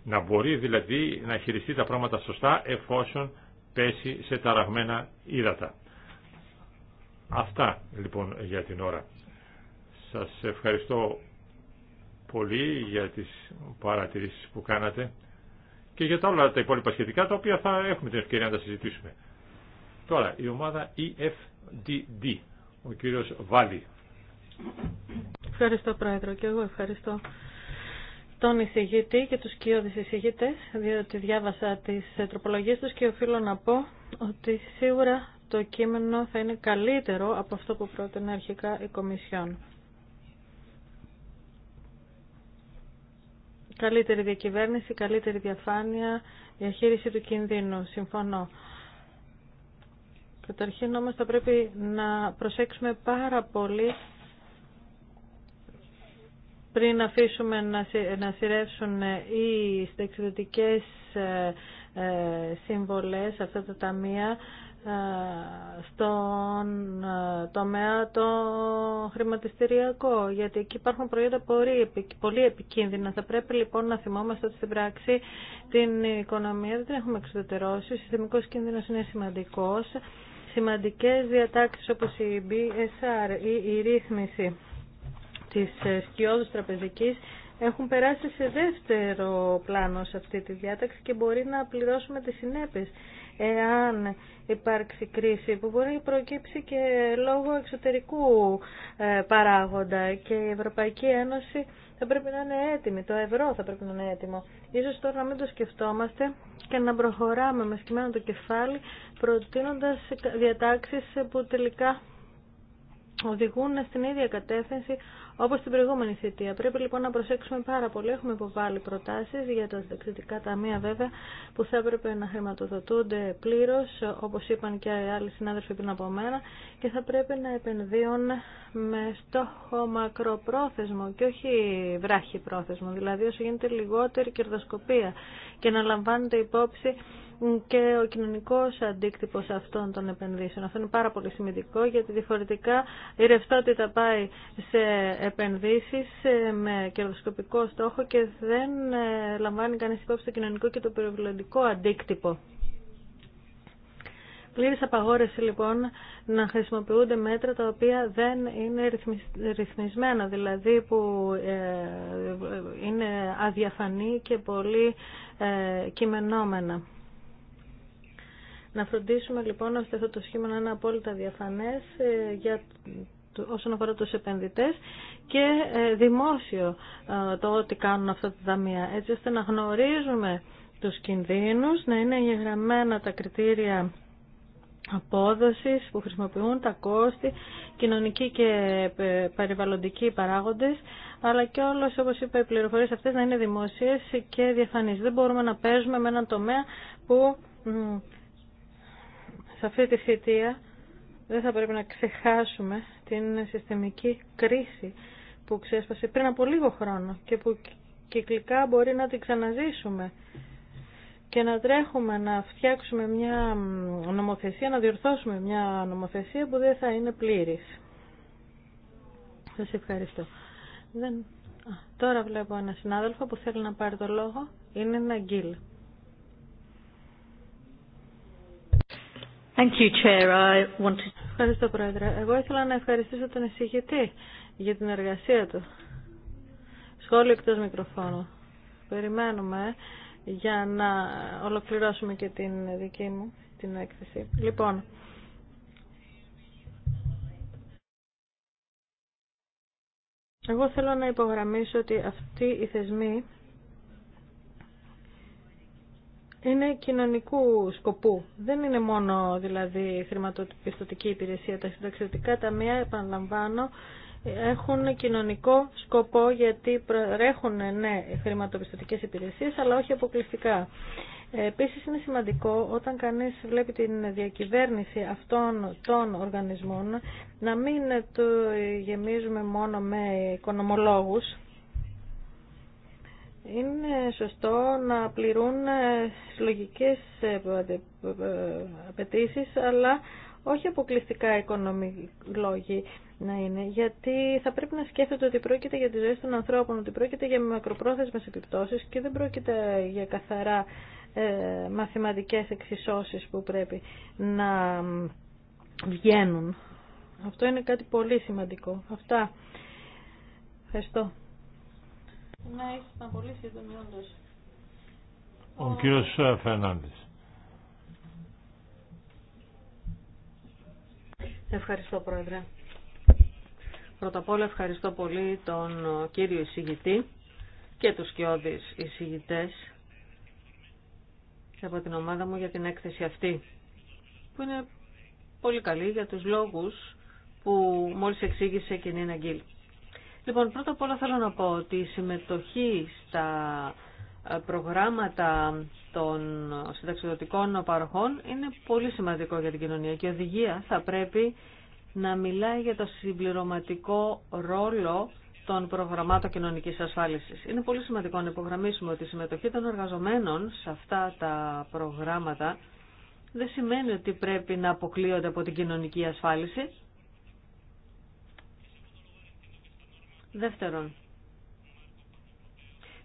Να μπορεί δηλαδή να χειριστεί τα πράγματα σωστά εφόσον πέσει σε ταραγμένα ύδατα. Αυτά λοιπόν για την ώρα. Σας ευχαριστώ πολύ για τις παρατηρήσεις που κάνατε και για τα όλα τα υπόλοιπα σχετικά τα οποία θα έχουμε την ευκαιρία να τα συζητήσουμε. Τώρα, η ομάδα EFDD, ο κύριος Βάλι. Ευχαριστώ Πρόεδρο και εγώ ευχαριστώ τον εισηγητή και τους κοιόδης εισηγητές, διότι διάβασα τις τροπολογίες του και οφείλω να πω ότι σίγουρα το κείμενο θα είναι καλύτερο από αυτό που πρότεινε αρχικά η Κομισιόν. Καλύτερη διακυβέρνηση, καλύτερη διαφάνεια, διαχείριση του κινδύνου. Συμφωνώ. Καταρχήν όμως θα πρέπει να προσέξουμε πάρα πολύ πριν αφήσουμε να σειρεύσουν οι ε, ε, συμβολές, αυτά τα ταμεία, ε, στον ε, τομέα το χρηματιστηριακό, γιατί εκεί υπάρχουν προϊόντα πολύ επικίνδυνα. Θα πρέπει λοιπόν να θυμόμαστε ότι στην πράξη την οικονομία δεν την έχουμε εξωτερώσει, ο συστημικός κίνδυνος είναι σημαντικός, σημαντικές διατάξεις όπως η BSR ή η ρύθμιση της σκιώδους τραπεζικής έχουν περάσει σε δεύτερο πλάνο σε αυτή τη διάταξη και μπορεί να πληρώσουμε τις συνέπειες εάν υπάρξει κρίση που μπορεί να προκύψει και λόγω εξωτερικού ε, παράγοντα και η Ευρωπαϊκή Ένωση θα πρέπει να είναι έτοιμη, το ευρώ θα πρέπει να είναι έτοιμο. Ίσως τώρα να μην το σκεφτόμαστε και να προχωράμε με σκημένο το κεφάλι προτείνοντας διατάξεις που τελικά οδηγούν στην ίδια κατεύθυνση όπως την προηγούμενη θητεία. Πρέπει λοιπόν να προσέξουμε πάρα πολύ. Έχουμε υποβάλει προτάσεις για τα δεξιτικά ταμεία βέβαια που θα έπρεπε να χρηματοδοτούνται πλήρω, όπως είπαν και άλλοι συνάδελφοι πριν από μένα και θα πρέπει να επενδύουν με στόχο μακροπρόθεσμο και όχι βράχη πρόθεσμο. Δηλαδή όσο γίνεται λιγότερη κερδοσκοπία και να λαμβάνεται υπόψη και ο κοινωνικός αντίκτυπος αυτών των επενδύσεων. Αυτό είναι πάρα πολύ σημαντικό γιατί διαφορετικά η ρευστότητα πάει σε επενδύσεις με κερδοσκοπικό στόχο και δεν ε, λαμβάνει κανείς υπόψη το κοινωνικό και το περιβαλλοντικό αντίκτυπο. Πλήρης απαγόρευση λοιπόν να χρησιμοποιούνται μέτρα τα οποία δεν είναι ρυθμισμένα, δηλαδή που ε, ε, είναι αδιαφανή και πολύ κειμενόμενα. Να φροντίσουμε λοιπόν ώστε αυτό το σχήμα να είναι απόλυτα διαφανές ε, για όσον αφορά τους επενδυτές και ε, δημόσιο ε, το ότι κάνουν αυτά τα ταμεία έτσι ώστε να γνωρίζουμε τους κινδύνους, να είναι εγγεγραμμένα τα κριτήρια απόδοσης που χρησιμοποιούν, τα κόστη, κοινωνικοί και περιβαλλοντικοί παράγοντες, αλλά και όλες, όπως είπα, οι πληροφορίες αυτές να είναι δημόσιες και διαφανείς. Δεν μπορούμε να παίζουμε με έναν τομέα που σε αυτή τη θητεία δεν θα πρέπει να ξεχάσουμε την συστημική κρίση που ξέσπασε πριν από λίγο χρόνο και που κυκλικά μπορεί να την ξαναζήσουμε και να τρέχουμε να φτιάξουμε μια νομοθεσία, να διορθώσουμε μια νομοθεσία που δεν θα είναι πλήρης. Σας ευχαριστώ. Δεν... τώρα βλέπω ένα συνάδελφο που θέλει να πάρει το λόγο. Είναι ένα γκίλ. Thank you, Chair. I want Ευχαριστώ, Πρόεδρε. Εγώ ήθελα να ευχαριστήσω τον εισηγητή για την εργασία του. Σχόλιο εκτός μικροφώνου. Περιμένουμε για να ολοκληρώσουμε και την δική μου την έκθεση. Λοιπόν, εγώ θέλω να υπογραμμίσω ότι αυτοί οι θεσμοί είναι κοινωνικού σκοπού. Δεν είναι μόνο δηλαδή χρηματοπιστωτική υπηρεσία. Τα συνταξιωτικά ταμεία, επαναλαμβάνω, έχουν κοινωνικό σκοπό γιατί προέχουν ναι, χρηματοπιστωτικές υπηρεσίες αλλά όχι αποκλειστικά. Επίσης είναι σημαντικό όταν κανείς βλέπει την διακυβέρνηση αυτών των οργανισμών να μην το γεμίζουμε μόνο με οικονομολόγους είναι σωστό να πληρούν ε, συλλογικές ε, ε, απαιτήσει, αλλά όχι αποκλειστικά οικονομικοί λόγοι να είναι, γιατί θα πρέπει να σκέφτεται ότι πρόκειται για τη ζωή των ανθρώπων, ότι πρόκειται για μακροπρόθεσμες επιπτώσεις και δεν πρόκειται για καθαρά μαθηματικές εξισώσεις που πρέπει να βγαίνουν. Αυτό είναι κάτι πολύ σημαντικό. Αυτά. Ευχαριστώ. Ναι, πολύ Ο ε, Ευχαριστώ Πρόεδρε. Πρώτα απ' όλα ευχαριστώ πολύ τον ε, κύριο εισηγητή και τους κοιόδης εισηγητέ από την ομάδα μου για την έκθεση αυτή που είναι πολύ καλή για τους λόγους που μόλις εξήγησε και η Νίνα Γκίλ. Λοιπόν, πρώτα απ' όλα θέλω να πω ότι η συμμετοχή στα ε, προγράμματα των συνταξιδοτικών παροχών είναι πολύ σημαντικό για την κοινωνία και η οδηγία θα πρέπει να μιλάει για το συμπληρωματικό ρόλο των προγραμμάτων κοινωνικής ασφάλισης. Είναι πολύ σημαντικό να υπογραμμίσουμε ότι η συμμετοχή των εργαζομένων σε αυτά τα προγράμματα δεν σημαίνει ότι πρέπει να αποκλείονται από την κοινωνική ασφάλιση, Δεύτερον,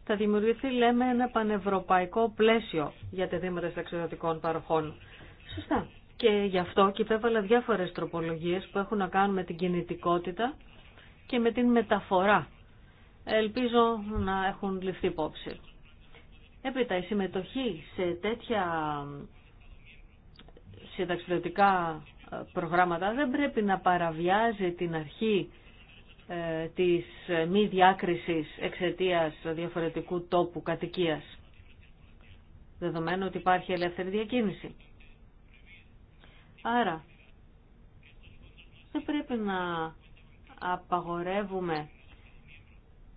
θα δημιουργηθεί, λέμε, ένα πανευρωπαϊκό πλαίσιο για τα δήματα ταξιδιωτικών παροχών. Σωστά. Και γι' αυτό και διάφορες τροπολογίες που έχουν να κάνουν με την κινητικότητα και με την μεταφορά. Ελπίζω να έχουν ληφθεί υπόψη. Έπειτα η συμμετοχή σε τέτοια συνταξιδοτικά ε, προγράμματα δεν πρέπει να παραβιάζει την αρχή ε, της μη διάκρισης εξαιτίας διαφορετικού τόπου κατοικίας, δεδομένου ότι υπάρχει ελεύθερη διακίνηση. Άρα, δεν πρέπει να απαγορεύουμε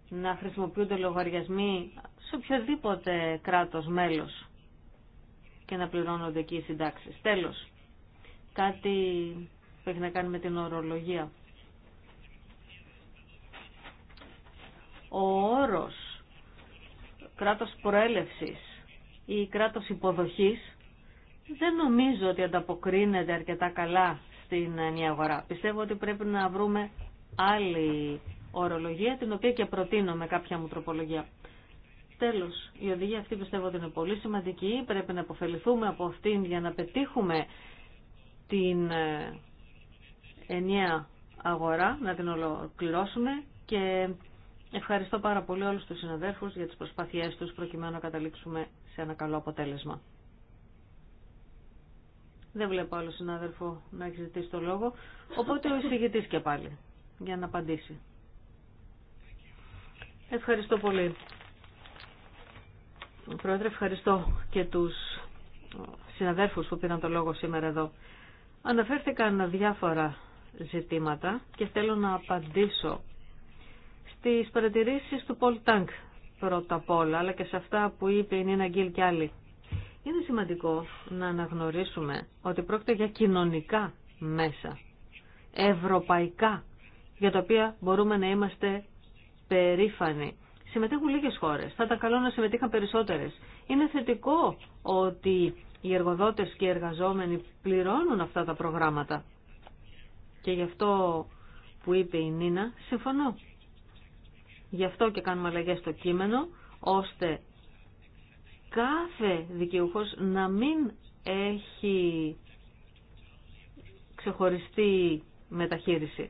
να χρησιμοποιούνται λογαριασμοί σε οποιοδήποτε κράτος μέλος και να πληρώνονται εκεί οι συντάξεις. Τέλος, κάτι που έχει να κάνει με την ορολογία. ο όρος κράτος προέλευσης ή κράτος υποδοχής δεν νομίζω ότι ανταποκρίνεται αρκετά καλά στην ενιαία αγορά. Πιστεύω ότι πρέπει να βρούμε άλλη ορολογία, την οποία και προτείνω με κάποια μου τροπολογία. Τέλος, η οδηγία αυτή πιστεύω ότι είναι πολύ σημαντική. Πρέπει να αποφεληθούμε από αυτήν για να πετύχουμε την ε, ενιαία αγορά, να την ολοκληρώσουμε και Ευχαριστώ πάρα πολύ όλους τους συναδέρφους για τις προσπάθειές τους προκειμένου να καταλήξουμε σε ένα καλό αποτέλεσμα. Δεν βλέπω άλλο συνάδελφο να έχει ζητήσει το λόγο, οπότε ο εισηγητής και πάλι για να απαντήσει. Ευχαριστώ πολύ. Πρόεδρε, ευχαριστώ και τους συναδέρφους που πήραν το λόγο σήμερα εδώ. Αναφέρθηκαν διάφορα ζητήματα και θέλω να απαντήσω τις παρατηρήσεις του Πολ Τάνκ πρώτα απ' όλα, αλλά και σε αυτά που είπε η Νίνα Γκίλ και άλλοι. Είναι σημαντικό να αναγνωρίσουμε ότι πρόκειται για κοινωνικά μέσα, ευρωπαϊκά, για τα οποία μπορούμε να είμαστε περήφανοι. Συμμετέχουν λίγες χώρες, θα τα καλό να συμμετείχαν περισσότερες. Είναι θετικό ότι οι εργοδότες και οι εργαζόμενοι πληρώνουν αυτά τα προγράμματα. Και γι' αυτό που είπε η Νίνα, συμφωνώ. Γι' αυτό και κάνουμε αλλαγέ στο κείμενο, ώστε κάθε δικαιούχος να μην έχει ξεχωριστή μεταχείριση.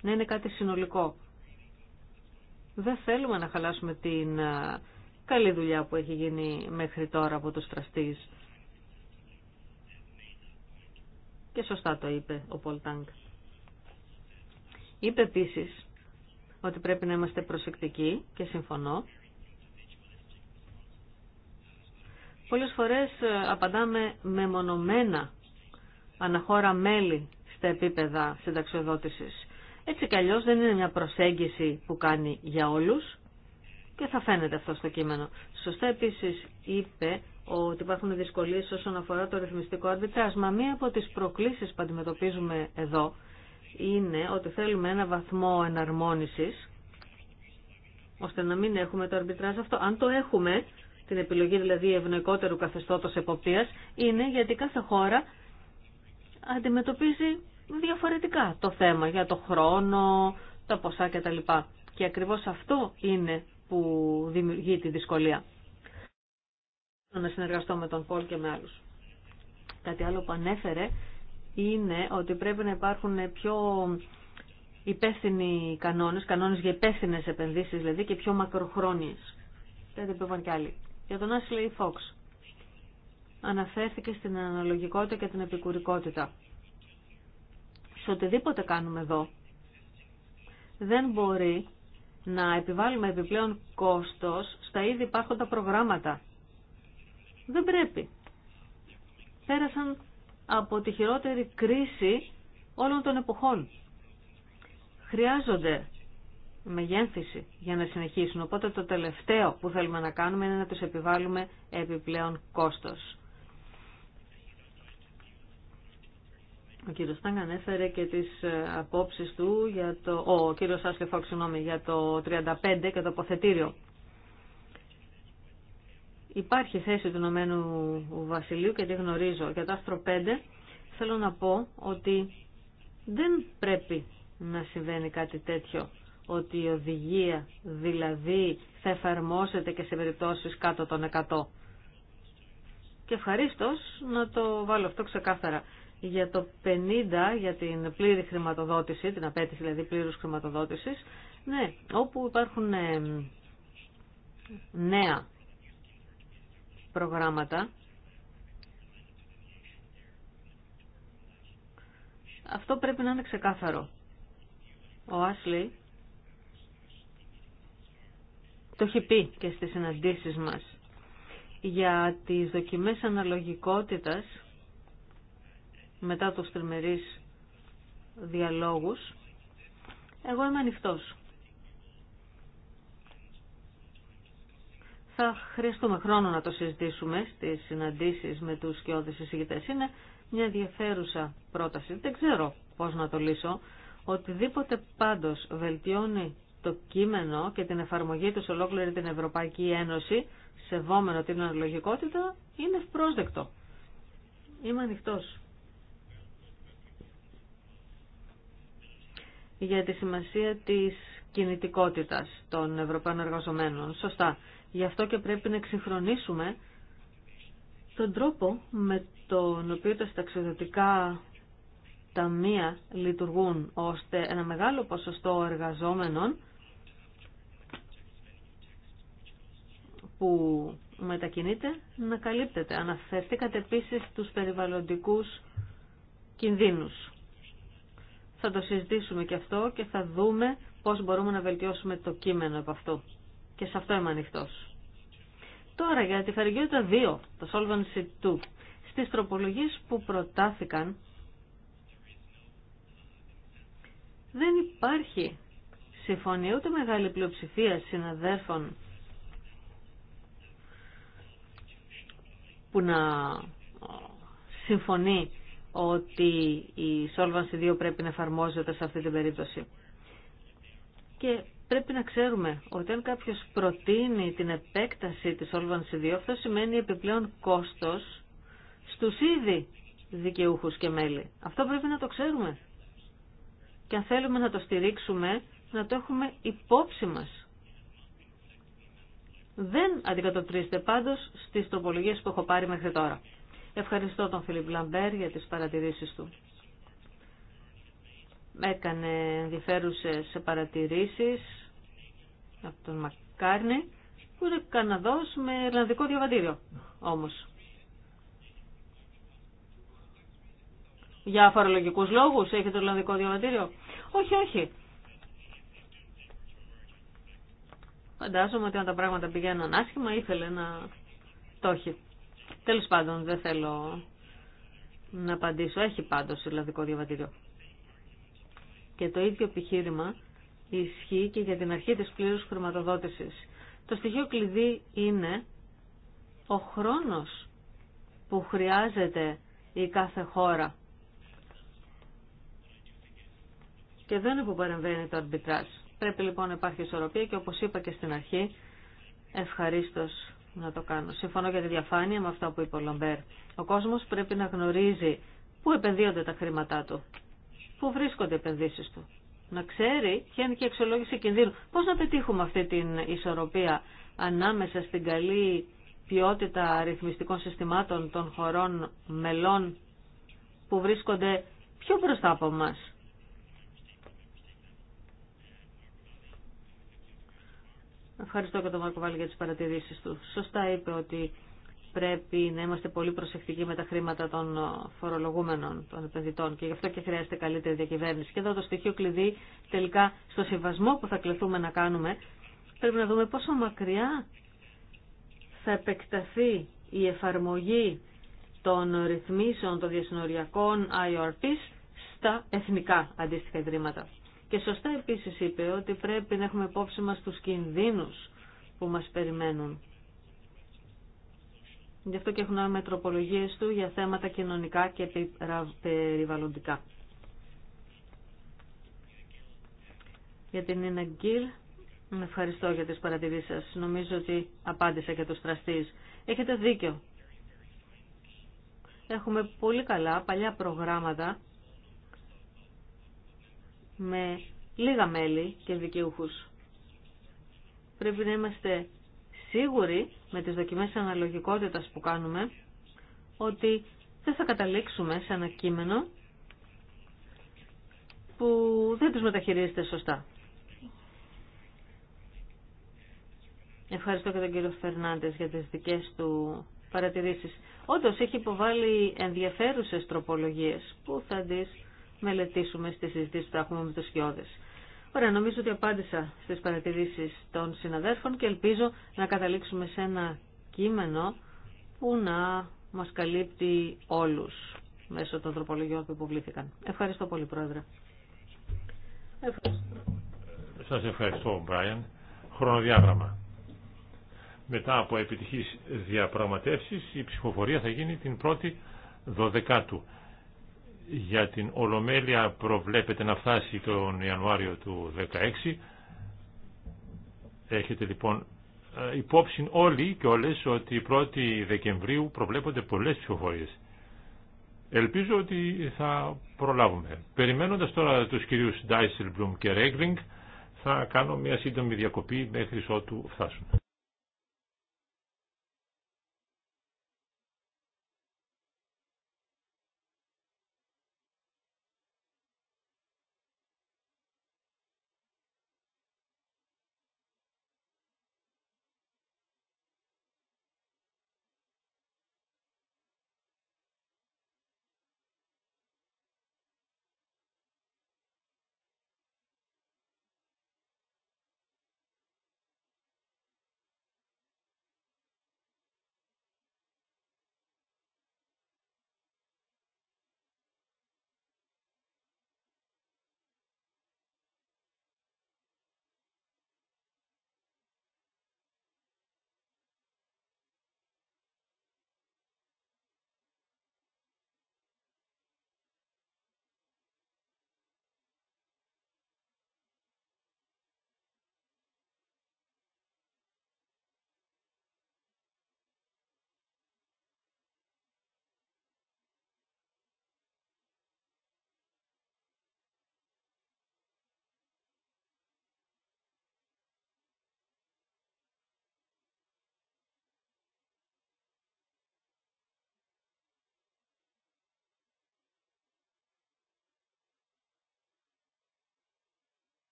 Να είναι κάτι συνολικό. Δεν θέλουμε να χαλάσουμε την καλή δουλειά που έχει γίνει μέχρι τώρα από τους τραστείς. Και σωστά το είπε ο Πολ Τάγκ. Είπε επίσης ότι πρέπει να είμαστε προσεκτικοί και συμφωνώ. Πολλές φορές ε, απαντάμε μεμονωμένα αναχώρα μέλη στα επίπεδα συνταξιοδότησης. Έτσι κι δεν είναι μια προσέγγιση που κάνει για όλους και θα φαίνεται αυτό στο κείμενο. Σωστά επίσης είπε ότι υπάρχουν δυσκολίες όσον αφορά το ρυθμιστικό αντιτράσμα. Μία από τις προκλήσεις που αντιμετωπίζουμε εδώ είναι ότι θέλουμε ένα βαθμό εναρμόνισης ώστε να μην έχουμε το αρμπιτράζ αυτό. Αν το έχουμε, την επιλογή δηλαδή ευνοϊκότερου καθεστώτος εποπτείας, είναι γιατί κάθε χώρα αντιμετωπίζει διαφορετικά το θέμα για το χρόνο, τα ποσά κτλ. Και ακριβώς αυτό είναι που δημιουργεί τη δυσκολία. Να συνεργαστώ με τον Πολ και με άλλους. Κάτι άλλο που ανέφερε είναι ότι πρέπει να υπάρχουν πιο υπεύθυνοι κανόνες, κανόνες για υπεύθυνε επενδύσεις δηλαδή και πιο μακροχρόνιες. Δεν το κι άλλοι. Για τον Ashley Fox αναφέρθηκε στην αναλογικότητα και την επικουρικότητα. Σε οτιδήποτε κάνουμε εδώ δεν μπορεί να επιβάλλουμε επιπλέον κόστος στα ήδη υπάρχοντα προγράμματα. Δεν πρέπει. Πέρασαν από τη χειρότερη κρίση όλων των εποχών. Χρειάζονται μεγένθηση για να συνεχίσουν. Οπότε το τελευταίο που θέλουμε να κάνουμε είναι να τους επιβάλλουμε επιπλέον κόστος. Ο κύριο Στάγκ έφερε και τι ε, απόψει του για το. Ο κύριο Άσλε συγγνώμη, για το 35 και το αποθετήριο. Υπάρχει θέση του Ηνωμένου Βασιλείου και τη γνωρίζω. Για το άστρο 5 θέλω να πω ότι δεν πρέπει να συμβαίνει κάτι τέτοιο. Ότι η οδηγία δηλαδή θα εφαρμόσεται και σε περιπτώσεις κάτω των 100. Και ευχαρίστω να το βάλω αυτό ξεκάθαρα. Για το 50, για την πλήρη χρηματοδότηση, την απέτηση δηλαδή πλήρους χρηματοδότησης, ναι, όπου υπάρχουν ε, νέα προγράμματα. Αυτό πρέπει να είναι ξεκάθαρο. Ο Άσλι το έχει πει και στις συναντήσεις μας για τις δοκιμές αναλογικότητας μετά τους τριμερείς διαλόγους. Εγώ είμαι ανοιχτό θα χρειαστούμε χρόνο να το συζητήσουμε στις συναντήσεις με τους σκιώδες εισηγητές. Είναι μια ενδιαφέρουσα πρόταση. Δεν ξέρω πώς να το λύσω. Οτιδήποτε πάντως βελτιώνει το κείμενο και την εφαρμογή του σε ολόκληρη την Ευρωπαϊκή Ένωση, σεβόμενο την αναλογικότητα, είναι ευπρόσδεκτο. Είμαι ανοιχτό. Για τη σημασία της κινητικότητας των Ευρωπαίων εργαζομένων. Σωστά. Γι' αυτό και πρέπει να εξυγχρονίσουμε τον τρόπο με τον οποίο τα συνταξιδοτικά ταμεία λειτουργούν, ώστε ένα μεγάλο ποσοστό εργαζόμενων που μετακινείται να καλύπτεται. Αναφερθήκατε επίσης τους περιβαλλοντικούς κινδύνους. Θα το συζητήσουμε και αυτό και θα δούμε πώς μπορούμε να βελτιώσουμε το κείμενο από αυτό. Και σε αυτό είμαι ανοιχτό. Τώρα για τη φαρικιότητα 2, το Solvency 2. Στις τροπολογίες που προτάθηκαν δεν υπάρχει συμφωνία ούτε μεγάλη πλειοψηφία συναδέρφων που να συμφωνεί ότι η Solvency 2 πρέπει να εφαρμόζεται σε αυτή την περίπτωση. Και πρέπει να ξέρουμε ότι αν κάποιος προτείνει την επέκταση της όλβανση 2, αυτό σημαίνει επιπλέον κόστος στους ήδη δικαιούχου και μέλη. Αυτό πρέπει να το ξέρουμε. Και αν θέλουμε να το στηρίξουμε, να το έχουμε υπόψη μας. Δεν αντικατοπτρίζεται πάντως στις τροπολογίε που έχω πάρει μέχρι τώρα. Ευχαριστώ τον Φιλιπ Λαμπέρ για τι παρατηρήσει του έκανε ενδιαφέρουσες παρατηρήσεις από τον Μακάρνη που είναι Καναδός με Ιρλανδικό διαβατήριο όμως. Για αφορολογικούς λόγους έχει το Ιρλανδικό διαβατήριο. Όχι, όχι. Φαντάζομαι ότι αν τα πράγματα πηγαίνουν άσχημα ήθελε να το έχει. Τέλος πάντων δεν θέλω να απαντήσω. Έχει πάντως Ιρλανδικό διαβατήριο. Και το ίδιο επιχείρημα ισχύει και για την αρχή της πλήρους χρηματοδότησης. Το στοιχείο κλειδί είναι ο χρόνος που χρειάζεται η κάθε χώρα. Και δεν είναι που παρεμβαίνει το αρμπιτράζ. Πρέπει λοιπόν να υπάρχει ισορροπία και όπως είπα και στην αρχή, ευχαρίστως να το κάνω. Συμφωνώ για τη διαφάνεια με αυτά που είπε ο Λομπέρ. Ο κόσμος πρέπει να γνωρίζει πού επενδύονται τα χρήματά του που βρίσκονται επενδύσει του. Να ξέρει ποια είναι και η αξιολόγηση κινδύνου. Πώς να πετύχουμε αυτή την ισορροπία ανάμεσα στην καλή ποιότητα ρυθμιστικών συστημάτων των χωρών μελών που βρίσκονται πιο μπροστά από εμά. Ευχαριστώ και τον Μαρκοβάλη για τις παρατηρήσεις του. Σωστά είπε ότι πρέπει να είμαστε πολύ προσεκτικοί με τα χρήματα των φορολογούμενων, των επενδυτών και γι' αυτό και χρειάζεται καλύτερη διακυβέρνηση. Και εδώ το στοιχείο κλειδί τελικά στο συμβασμό που θα κληθούμε να κάνουμε πρέπει να δούμε πόσο μακριά θα επεκταθεί η εφαρμογή των ρυθμίσεων των διασυνοριακών IRPs στα εθνικά αντίστοιχα ιδρύματα. Και σωστά επίσης είπε ότι πρέπει να έχουμε υπόψη μας τους κινδύνους που μας περιμένουν Γι' αυτό και έχουν μετροπολογίε του για θέματα κοινωνικά και περιβαλλοντικά. Για την Ινα ευχαριστώ για τις παρατηρήσεις σας. Νομίζω ότι απάντησα και τους στραστής. Έχετε δίκιο. Έχουμε πολύ καλά παλιά προγράμματα με λίγα μέλη και δικαιούχους. Πρέπει να είμαστε σίγουροι με τις δοκιμές αναλογικότητας που κάνουμε ότι δεν θα καταλήξουμε σε ένα κείμενο που δεν τους μεταχειρίζεται σωστά. Ευχαριστώ και τον κύριο Φερνάντες για τις δικές του παρατηρήσεις. Όντως έχει υποβάλει ενδιαφέρουσες τροπολογίες που θα τις μελετήσουμε στις συζητήσεις που θα έχουμε με τους σκιώδες. Ωραία, νομίζω ότι απάντησα στις παρατηρήσεις των συναδέρφων και ελπίζω να καταλήξουμε σε ένα κείμενο που να μας καλύπτει όλους μέσω των τροπολογιών που υποβλήθηκαν. Ευχαριστώ πολύ, Πρόεδρε. Ευχαριστώ. Σας ευχαριστώ, Μπράιαν. Χρονοδιάγραμμα. Μετά από επιτυχείς διαπραγματεύσεις, η ψηφοφορία θα γίνει την πρώτη 12 για την Ολομέλεια προβλέπεται να φτάσει τον Ιανουάριο του 2016. Έχετε λοιπόν ε, υπόψη όλοι και όλες ότι 1η Δεκεμβρίου προβλέπονται πολλές ψηφοφορίες. Ελπίζω ότι θα προλάβουμε. Περιμένοντας τώρα τους κυρίους Ντάισελμπλουμ και Ρέγκλινγκ θα κάνω μια σύντομη διακοπή μέχρι ότου φτάσουν.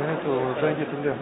Ναι, το Ζάγκε τελειώνει.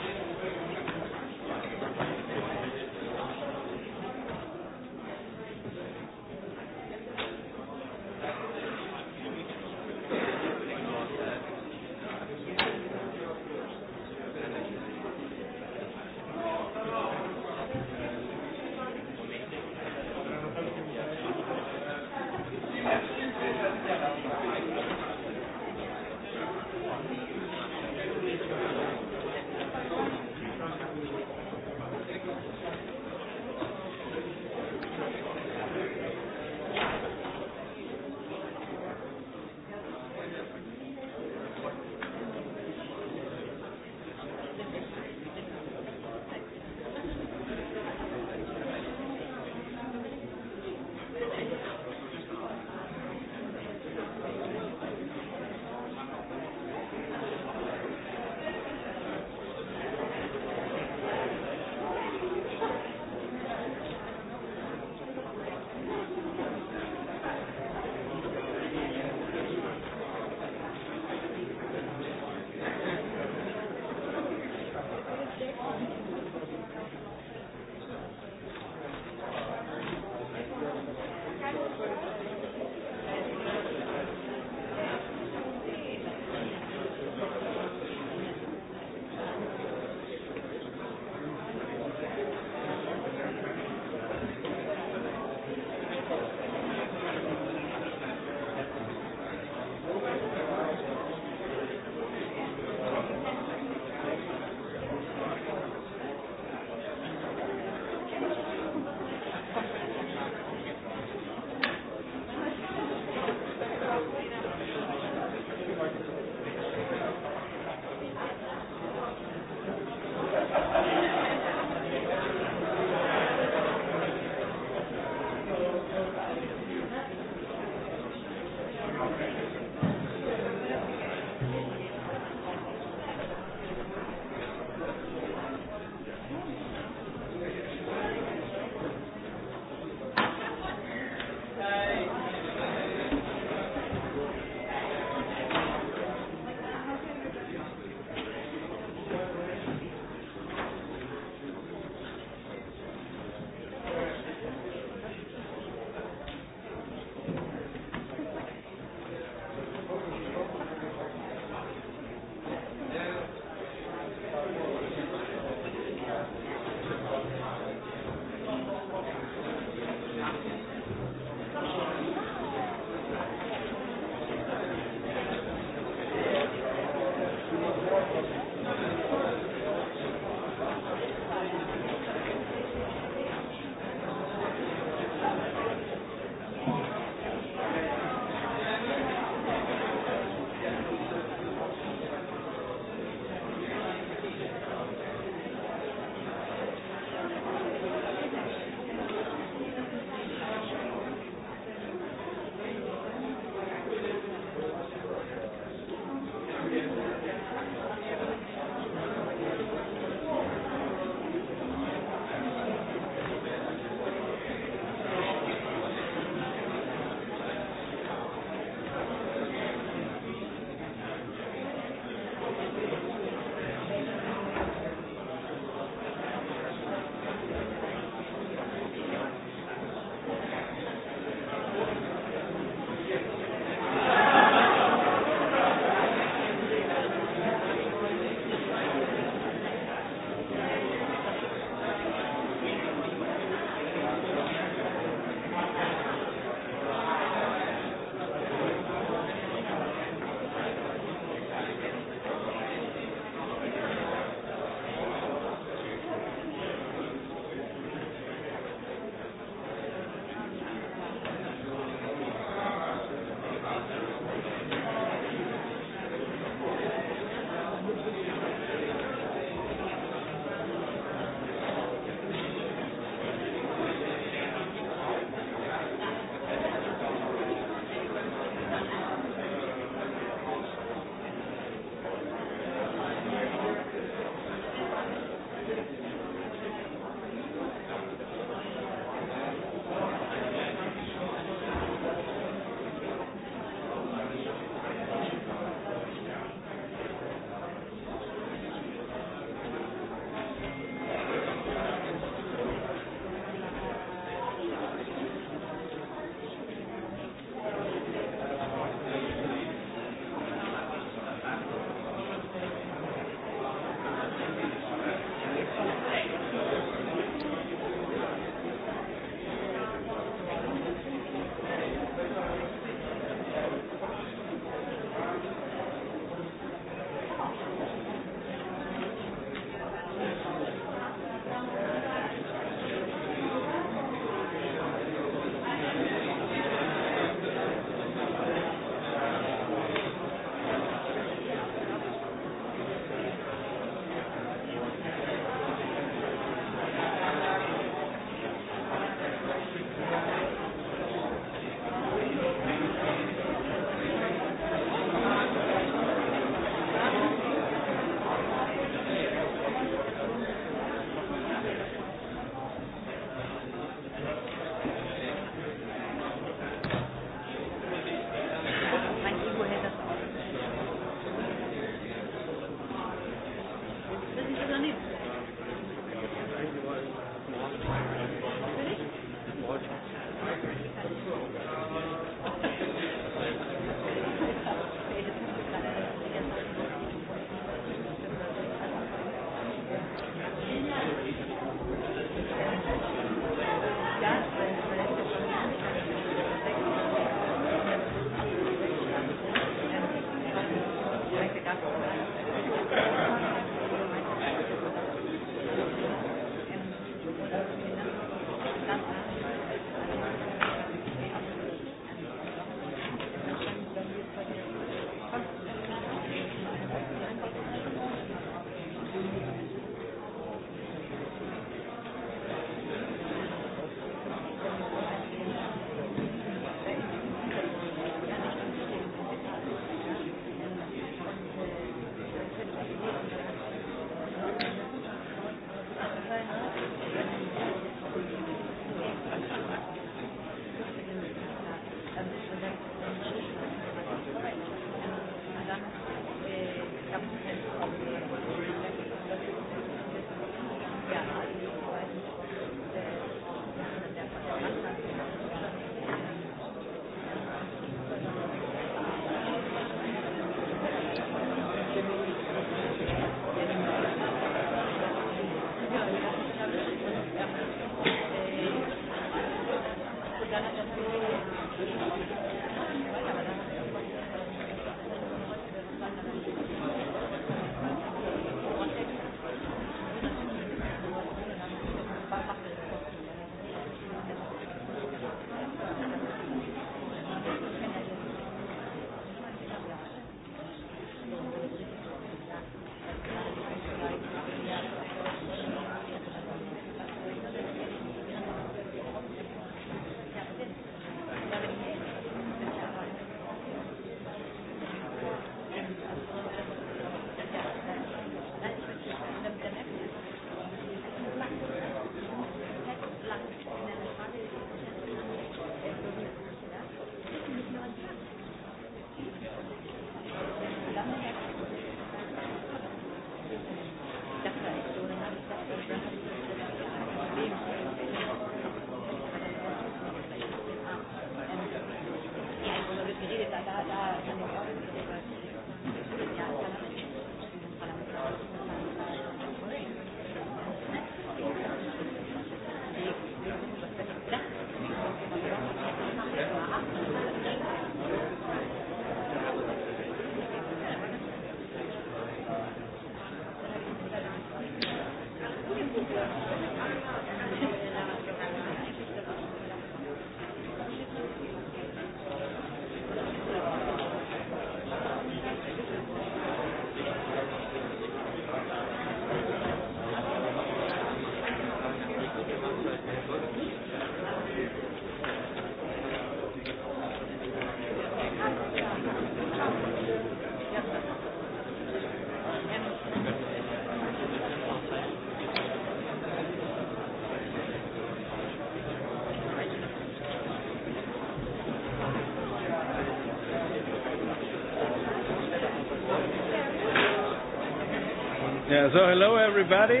So hello everybody.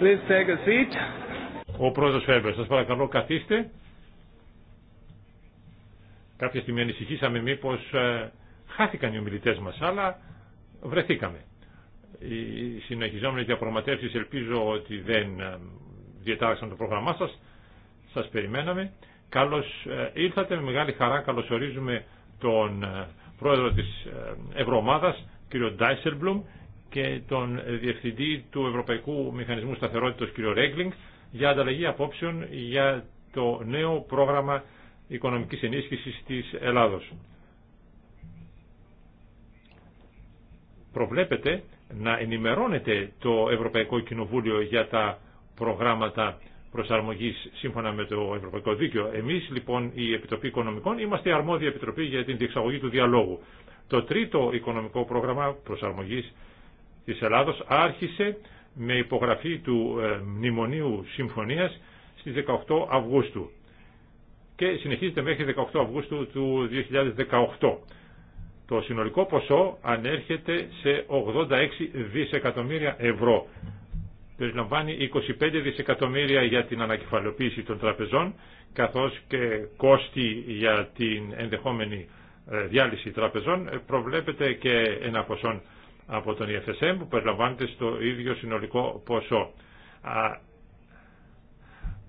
Please take a seat. Ο πρόεδρος Φέρμπερ, σας παρακαλώ καθίστε. Κάποια στιγμή ανησυχήσαμε μήπως ε, χάθηκαν οι ομιλητές μας, αλλά βρεθήκαμε. Οι συνεχιζόμενες διαπραγματεύσεις ελπίζω ότι δεν ε, διετάραξαν το πρόγραμμά σας. Σας περιμέναμε. Καλώς ε, ήρθατε, με μεγάλη χαρά καλωσορίζουμε τον πρόεδρο της Ευρωομάδας, κύριο Ντάισελμπλουμ και τον Διευθυντή του Ευρωπαϊκού Μηχανισμού Σταθερότητας κ. Ρέγκλινγκ για ανταλλαγή απόψεων για το νέο πρόγραμμα οικονομικής ενίσχυσης της Ελλάδος. Προβλέπετε να ενημερώνετε το Ευρωπαϊκό Κοινοβούλιο για τα προγράμματα προσαρμογής σύμφωνα με το Ευρωπαϊκό Δίκαιο. Εμείς λοιπόν η Επιτροπή Οικονομικών είμαστε η αρμόδια επιτροπή για την διεξαγωγή του διαλόγου. Το τρίτο οικονομικό πρόγραμμα προσαρμογής της Ελλάδος άρχισε με υπογραφή του ε, Μνημονίου Συμφωνίας στις 18 Αυγούστου και συνεχίζεται μέχρι 18 Αυγούστου του 2018. Το συνολικό ποσό ανέρχεται σε 86 δισεκατομμύρια ευρώ. Περιλαμβάνει 25 δισεκατομμύρια για την ανακεφαλαιοποίηση των τραπεζών, καθώς και κόστη για την ενδεχόμενη ε, διάλυση τραπεζών. Ε, προβλέπεται και ένα ποσό από τον EFSM που περιλαμβάνεται στο ίδιο συνολικό ποσό.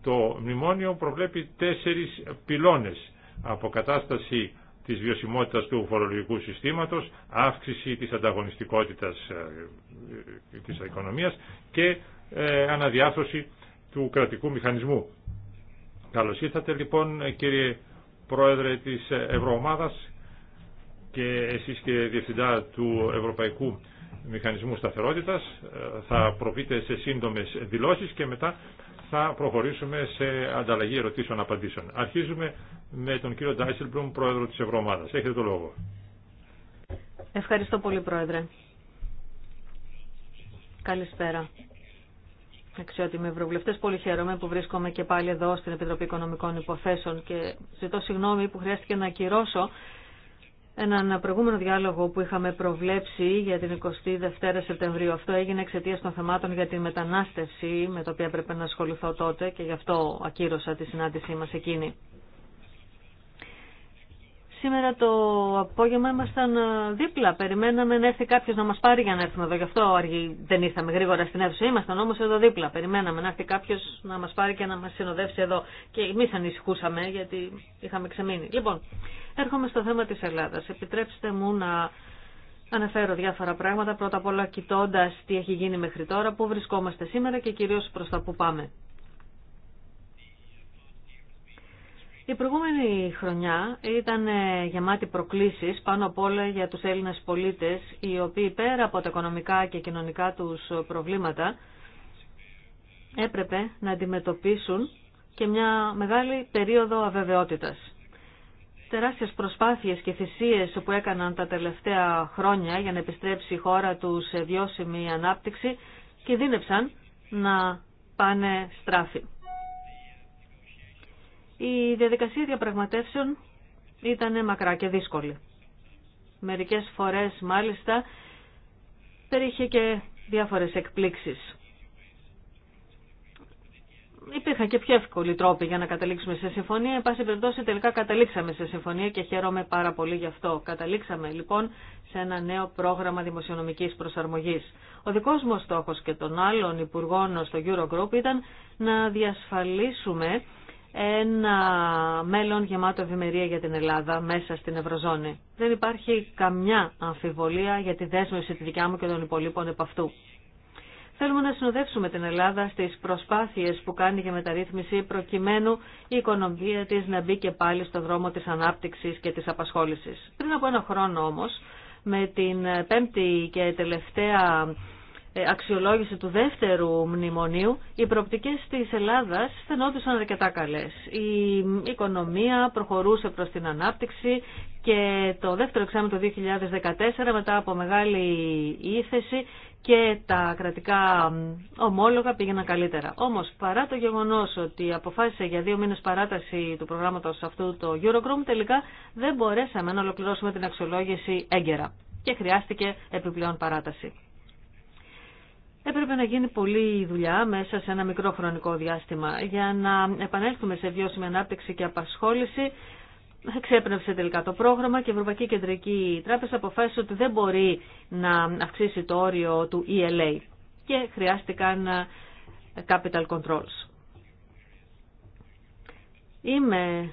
Το μνημόνιο προβλέπει τέσσερις πυλώνες. Αποκατάσταση της βιωσιμότητας του φορολογικού συστήματος, αύξηση της ανταγωνιστικότητας ε, ε, της οικονομίας και ε, αναδιάθρωση του κρατικού μηχανισμού. Καλώς ήρθατε λοιπόν κύριε Πρόεδρε της Ευρωομάδας και εσείς και διευθυντά του Ευρωπαϊκού Μηχανισμού Σταθερότητας ε, θα προβείτε σε σύντομες δηλώσεις και μετά θα προχωρήσουμε σε ανταλλαγή ερωτήσεων-απαντήσεων. Αρχίζουμε με τον κύριο Ντάισελμπλουμ, πρόεδρο της Ευρωομάδας. Έχετε το λόγο. Ευχαριστώ πολύ, πρόεδρε. Καλησπέρα. Αξιότιμοι Ευρωβουλευτέ, πολύ χαίρομαι που βρίσκομαι και πάλι εδώ στην Επιτροπή Οικονομικών Υποθέσεων και ζητώ συγγνώμη που χρειάστηκε να ακυρώσω έναν προηγούμενο διάλογο που είχαμε προβλέψει για την 22η Σεπτεμβρίου. Αυτό έγινε εξαιτία των θεμάτων για τη μετανάστευση με τα οποία έπρεπε να ασχοληθώ τότε και γι' αυτό ακύρωσα τη συνάντησή μας εκείνη. Σήμερα το απόγευμα ήμασταν ε, δίπλα. Περιμέναμε να έρθει κάποιο να μα πάρει για να έρθουμε εδώ. Γι' αυτό δεν ήρθαμε γρήγορα στην αίθουσα. Ήμασταν όμω εδώ δίπλα. Περιμέναμε να έρθει κάποιο να μα πάρει και να μα συνοδεύσει εδώ. Και εμεί ανησυχούσαμε γιατί είχαμε ξεμείνει. Λοιπόν, έρχομαι στο θέμα τη Ελλάδα. Επιτρέψτε μου να αναφέρω διάφορα πράγματα. Πρώτα απ' όλα, κοιτώντα τι έχει γίνει μέχρι τώρα, πού βρισκόμαστε σήμερα και κυρίω προ τα που πάμε. Η προηγούμενη χρονιά ήταν ε, γεμάτη προκλήσεις πάνω απ' όλα για τους Έλληνες πολίτες οι οποίοι πέρα από τα οικονομικά και κοινωνικά τους προβλήματα έπρεπε να αντιμετωπίσουν και μια μεγάλη περίοδο αβεβαιότητας. Τεράστιες προσπάθειες και θυσίες που έκαναν τα τελευταία χρόνια για να επιστρέψει η χώρα του σε βιώσιμη ανάπτυξη κινδύνευσαν να πάνε στράφη. Η διαδικασία διαπραγματεύσεων ήταν μακρά και δύσκολη. Μερικές φορές μάλιστα περίχε και διάφορες εκπλήξεις. Υπήρχαν και πιο εύκολοι τρόποι για να καταλήξουμε σε συμφωνία. Εν πάση περιπτώσει τελικά καταλήξαμε σε συμφωνία και χαίρομαι πάρα πολύ γι' αυτό. Καταλήξαμε λοιπόν σε ένα νέο πρόγραμμα δημοσιονομικής προσαρμογής. Ο δικός μου στόχος και των άλλων υπουργών στο Eurogroup ήταν να διασφαλίσουμε ένα μέλλον γεμάτο ευημερία για την Ελλάδα μέσα στην Ευρωζώνη. Δεν υπάρχει καμιά αμφιβολία για τη δέσμευση τη δικιά μου και των υπολείπων επ' αυτού. Θέλουμε να συνοδεύσουμε την Ελλάδα στις προσπάθειες που κάνει για μεταρρύθμιση προκειμένου η οικονομία της να μπει και πάλι στον δρόμο της ανάπτυξης και της απασχόλησης. Πριν από ένα χρόνο όμως, με την πέμπτη και τελευταία ε, αξιολόγηση του δεύτερου μνημονίου, οι προοπτικές τη Ελλάδας φαινόντουσαν αρκετά καλές. Η οικονομία προχωρούσε προς την ανάπτυξη και το δεύτερο εξάμεινο του 2014 μετά από μεγάλη ύφεση και τα κρατικά ομόλογα πήγαιναν καλύτερα. Όμως παρά το γεγονός ότι αποφάσισε για δύο μήνες παράταση του προγράμματος αυτού το Eurogroup τελικά δεν μπορέσαμε να ολοκληρώσουμε την αξιολόγηση έγκαιρα και χρειάστηκε επιπλέον παράταση. Έπρεπε να γίνει πολλή δουλειά μέσα σε ένα μικρό χρονικό διάστημα για να επανέλθουμε σε βιώσιμη ανάπτυξη και απασχόληση. Ξέπνευσε τελικά το πρόγραμμα και η Ευρωπαϊκή Κεντρική Τράπεζα αποφάσισε ότι δεν μπορεί να αυξήσει το όριο του ELA και χρειάστηκαν ε, capital controls. Είμαι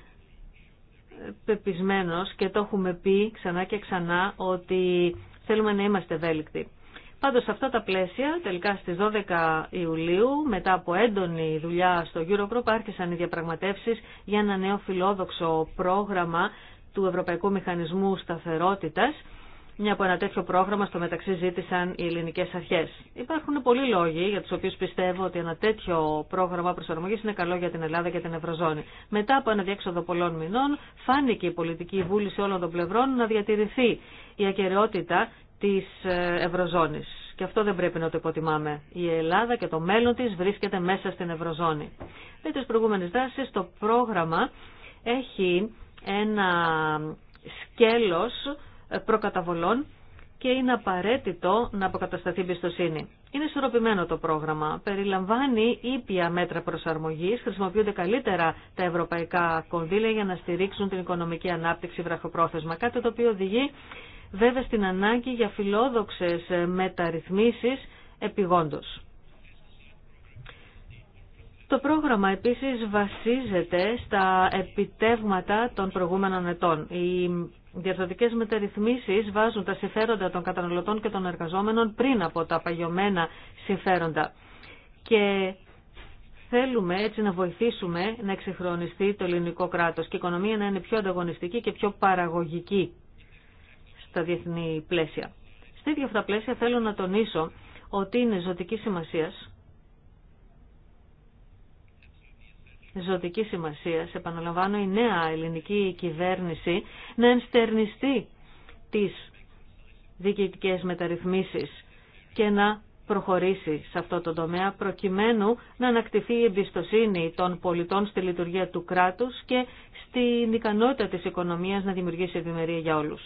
πεπισμένος και το έχουμε πει ξανά και ξανά ότι θέλουμε να είμαστε ευέλικτοι. Πάντως σε αυτά τα πλαίσια, τελικά στις 12 Ιουλίου, μετά από έντονη δουλειά στο Eurogroup, άρχισαν οι διαπραγματεύσεις για ένα νέο φιλόδοξο πρόγραμμα του Ευρωπαϊκού Μηχανισμού Σταθερότητας, μια από ένα τέτοιο πρόγραμμα στο μεταξύ ζήτησαν οι ελληνικές αρχές. Υπάρχουν πολλοί λόγοι για τους οποίους πιστεύω ότι ένα τέτοιο πρόγραμμα προσαρμογής είναι καλό για την Ελλάδα και την Ευρωζώνη. Μετά από ένα διέξοδο πολλών μηνών, φάνηκε η πολιτική βούληση όλων των πλευρών να διατηρηθεί η ακαιρεότητα της ε, Ευρωζώνης. Και αυτό δεν πρέπει να το υποτιμάμε. Η Ελλάδα και το μέλλον της βρίσκεται μέσα στην Ευρωζώνη. Με τις προηγούμενες δράσεις το πρόγραμμα έχει ένα σκέλος ε, προκαταβολών και είναι απαραίτητο να αποκατασταθεί πιστοσύνη. Είναι ισορροπημένο το πρόγραμμα. Περιλαμβάνει ήπια μέτρα προσαρμογή. Χρησιμοποιούνται καλύτερα τα ευρωπαϊκά κονδύλια για να στηρίξουν την οικονομική ανάπτυξη βραχοπρόθεσμα. Κάτι το οποίο οδηγεί βέβαια στην ανάγκη για φιλόδοξες ε, μεταρρυθμίσεις επιγόντως. Το πρόγραμμα επίσης βασίζεται στα επιτεύγματα των προηγούμενων ετών. Οι διαρθρωτικές μεταρρυθμίσεις βάζουν τα συμφέροντα των καταναλωτών και των εργαζόμενων πριν από τα παγιωμένα συμφέροντα. Και θέλουμε έτσι να βοηθήσουμε να εξυγχρονιστεί το ελληνικό κράτος και η οικονομία να είναι πιο ανταγωνιστική και πιο παραγωγική στα διεθνή πλαίσια. ίδια πλαίσια θέλω να τονίσω ότι είναι ζωτική σημασία. Ζωτική σημασία, επαναλαμβάνω, η νέα ελληνική κυβέρνηση να ενστερνιστεί τις διοικητικές μεταρρυθμίσεις και να προχωρήσει σε αυτό το τομέα προκειμένου να ανακτηθεί η εμπιστοσύνη των πολιτών στη λειτουργία του κράτους και στην ικανότητα της οικονομίας να δημιουργήσει ευημερία για όλους.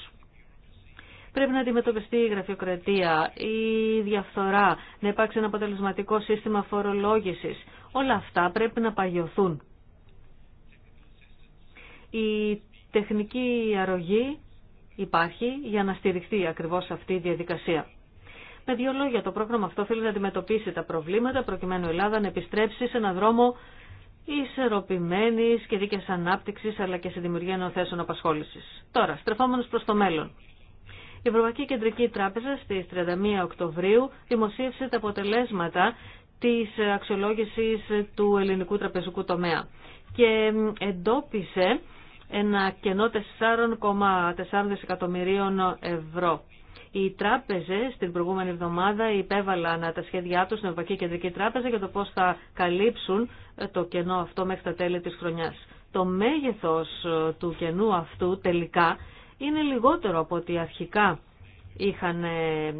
Πρέπει να αντιμετωπιστεί η γραφειοκρατία, η διαφθορά, να υπάρξει ένα αποτελεσματικό σύστημα φορολόγησης. Όλα αυτά πρέπει να παγιωθούν. Η τεχνική αρρωγή υπάρχει για να στηριχθεί ακριβώς αυτή η διαδικασία. Με δύο λόγια, το πρόγραμμα αυτό θέλει να αντιμετωπίσει τα προβλήματα προκειμένου η Ελλάδα να επιστρέψει σε έναν δρόμο ισορροπημένη και δίκαια ανάπτυξη αλλά και σε δημιουργία νέων θέσεων απασχόληση. Τώρα, στρεφόμενο προ το μέλλον. Η Ευρωπαϊκή Κεντρική Τράπεζα στις 31 Οκτωβρίου δημοσίευσε τα αποτελέσματα της αξιολόγησης του ελληνικού τραπεζικού τομέα και εντόπισε ένα κενό 4,4 δισεκατομμυρίων ευρώ. Οι τράπεζε την προηγούμενη εβδομάδα υπέβαλαν τα σχέδιά του στην Ευρωπαϊκή Κεντρική Τράπεζα για το πώ θα καλύψουν το κενό αυτό μέχρι τα τέλη τη χρονιά. Το μέγεθο του κενού αυτού τελικά είναι λιγότερο από ό,τι αρχικά είχαν ε,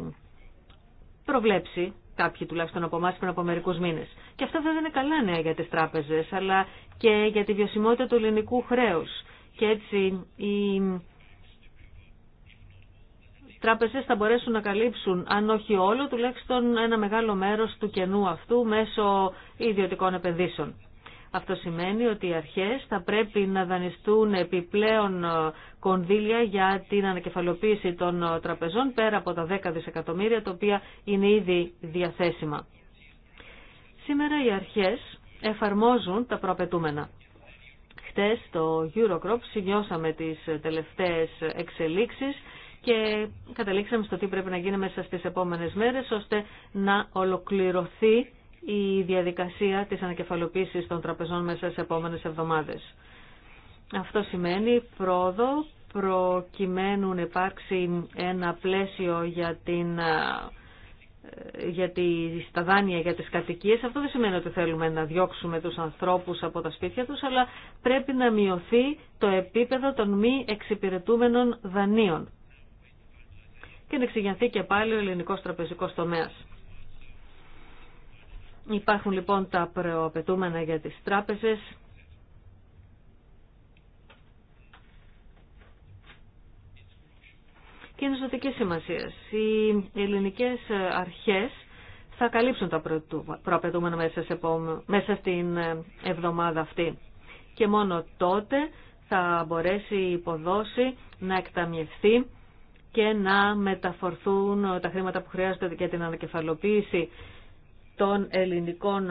προβλέψει κάποιοι τουλάχιστον από εμάς πριν από μερικού μήνε. Και αυτά δεν είναι καλά νέα για τις τράπεζες, αλλά και για τη βιωσιμότητα του ελληνικού χρέους. Και έτσι οι τράπεζες θα μπορέσουν να καλύψουν, αν όχι όλο, τουλάχιστον ένα μεγάλο μέρος του κενού αυτού μέσω ιδιωτικών επενδύσεων. Αυτό σημαίνει ότι οι αρχές θα πρέπει να δανειστούν επιπλέον ε, κονδύλια για την ανακεφαλοποίηση των ε, τραπεζών πέρα από τα 10 δισεκατομμύρια τα οποία είναι ήδη διαθέσιμα. Σήμερα οι αρχές εφαρμόζουν τα προαπαιτούμενα. Χτες στο Eurocrop σημειώσαμε τις τελευταίες εξελίξεις και καταλήξαμε στο τι πρέπει να γίνει μέσα στις επόμενες μέρες ώστε να ολοκληρωθεί η διαδικασία της ανακεφαλοποίησης των τραπεζών μέσα σε επόμενες εβδομάδες. Αυτό σημαίνει πρόοδο προκειμένου να υπάρξει ένα πλαίσιο για, την, ε, για τη, τα δάνεια για τις κατοικίες. Αυτό δεν σημαίνει ότι θέλουμε να διώξουμε τους ανθρώπους από τα σπίτια τους, αλλά πρέπει να μειωθεί το επίπεδο των μη εξυπηρετούμενων δανείων και να εξηγιανθεί και πάλι ο ελληνικός τραπεζικός τομέας. Υπάρχουν λοιπόν τα προαπαιτούμενα για τις τράπεζες. Και είναι ζωτική σημασία. Οι ελληνικές αρχές θα καλύψουν τα προαπαιτούμενα μέσα, σε μέσα στην εβδομάδα αυτή. Και μόνο τότε θα μπορέσει η υποδόση να εκταμιευθεί και να μεταφορθούν τα χρήματα που χρειάζονται για την ανακεφαλοποίηση των ελληνικών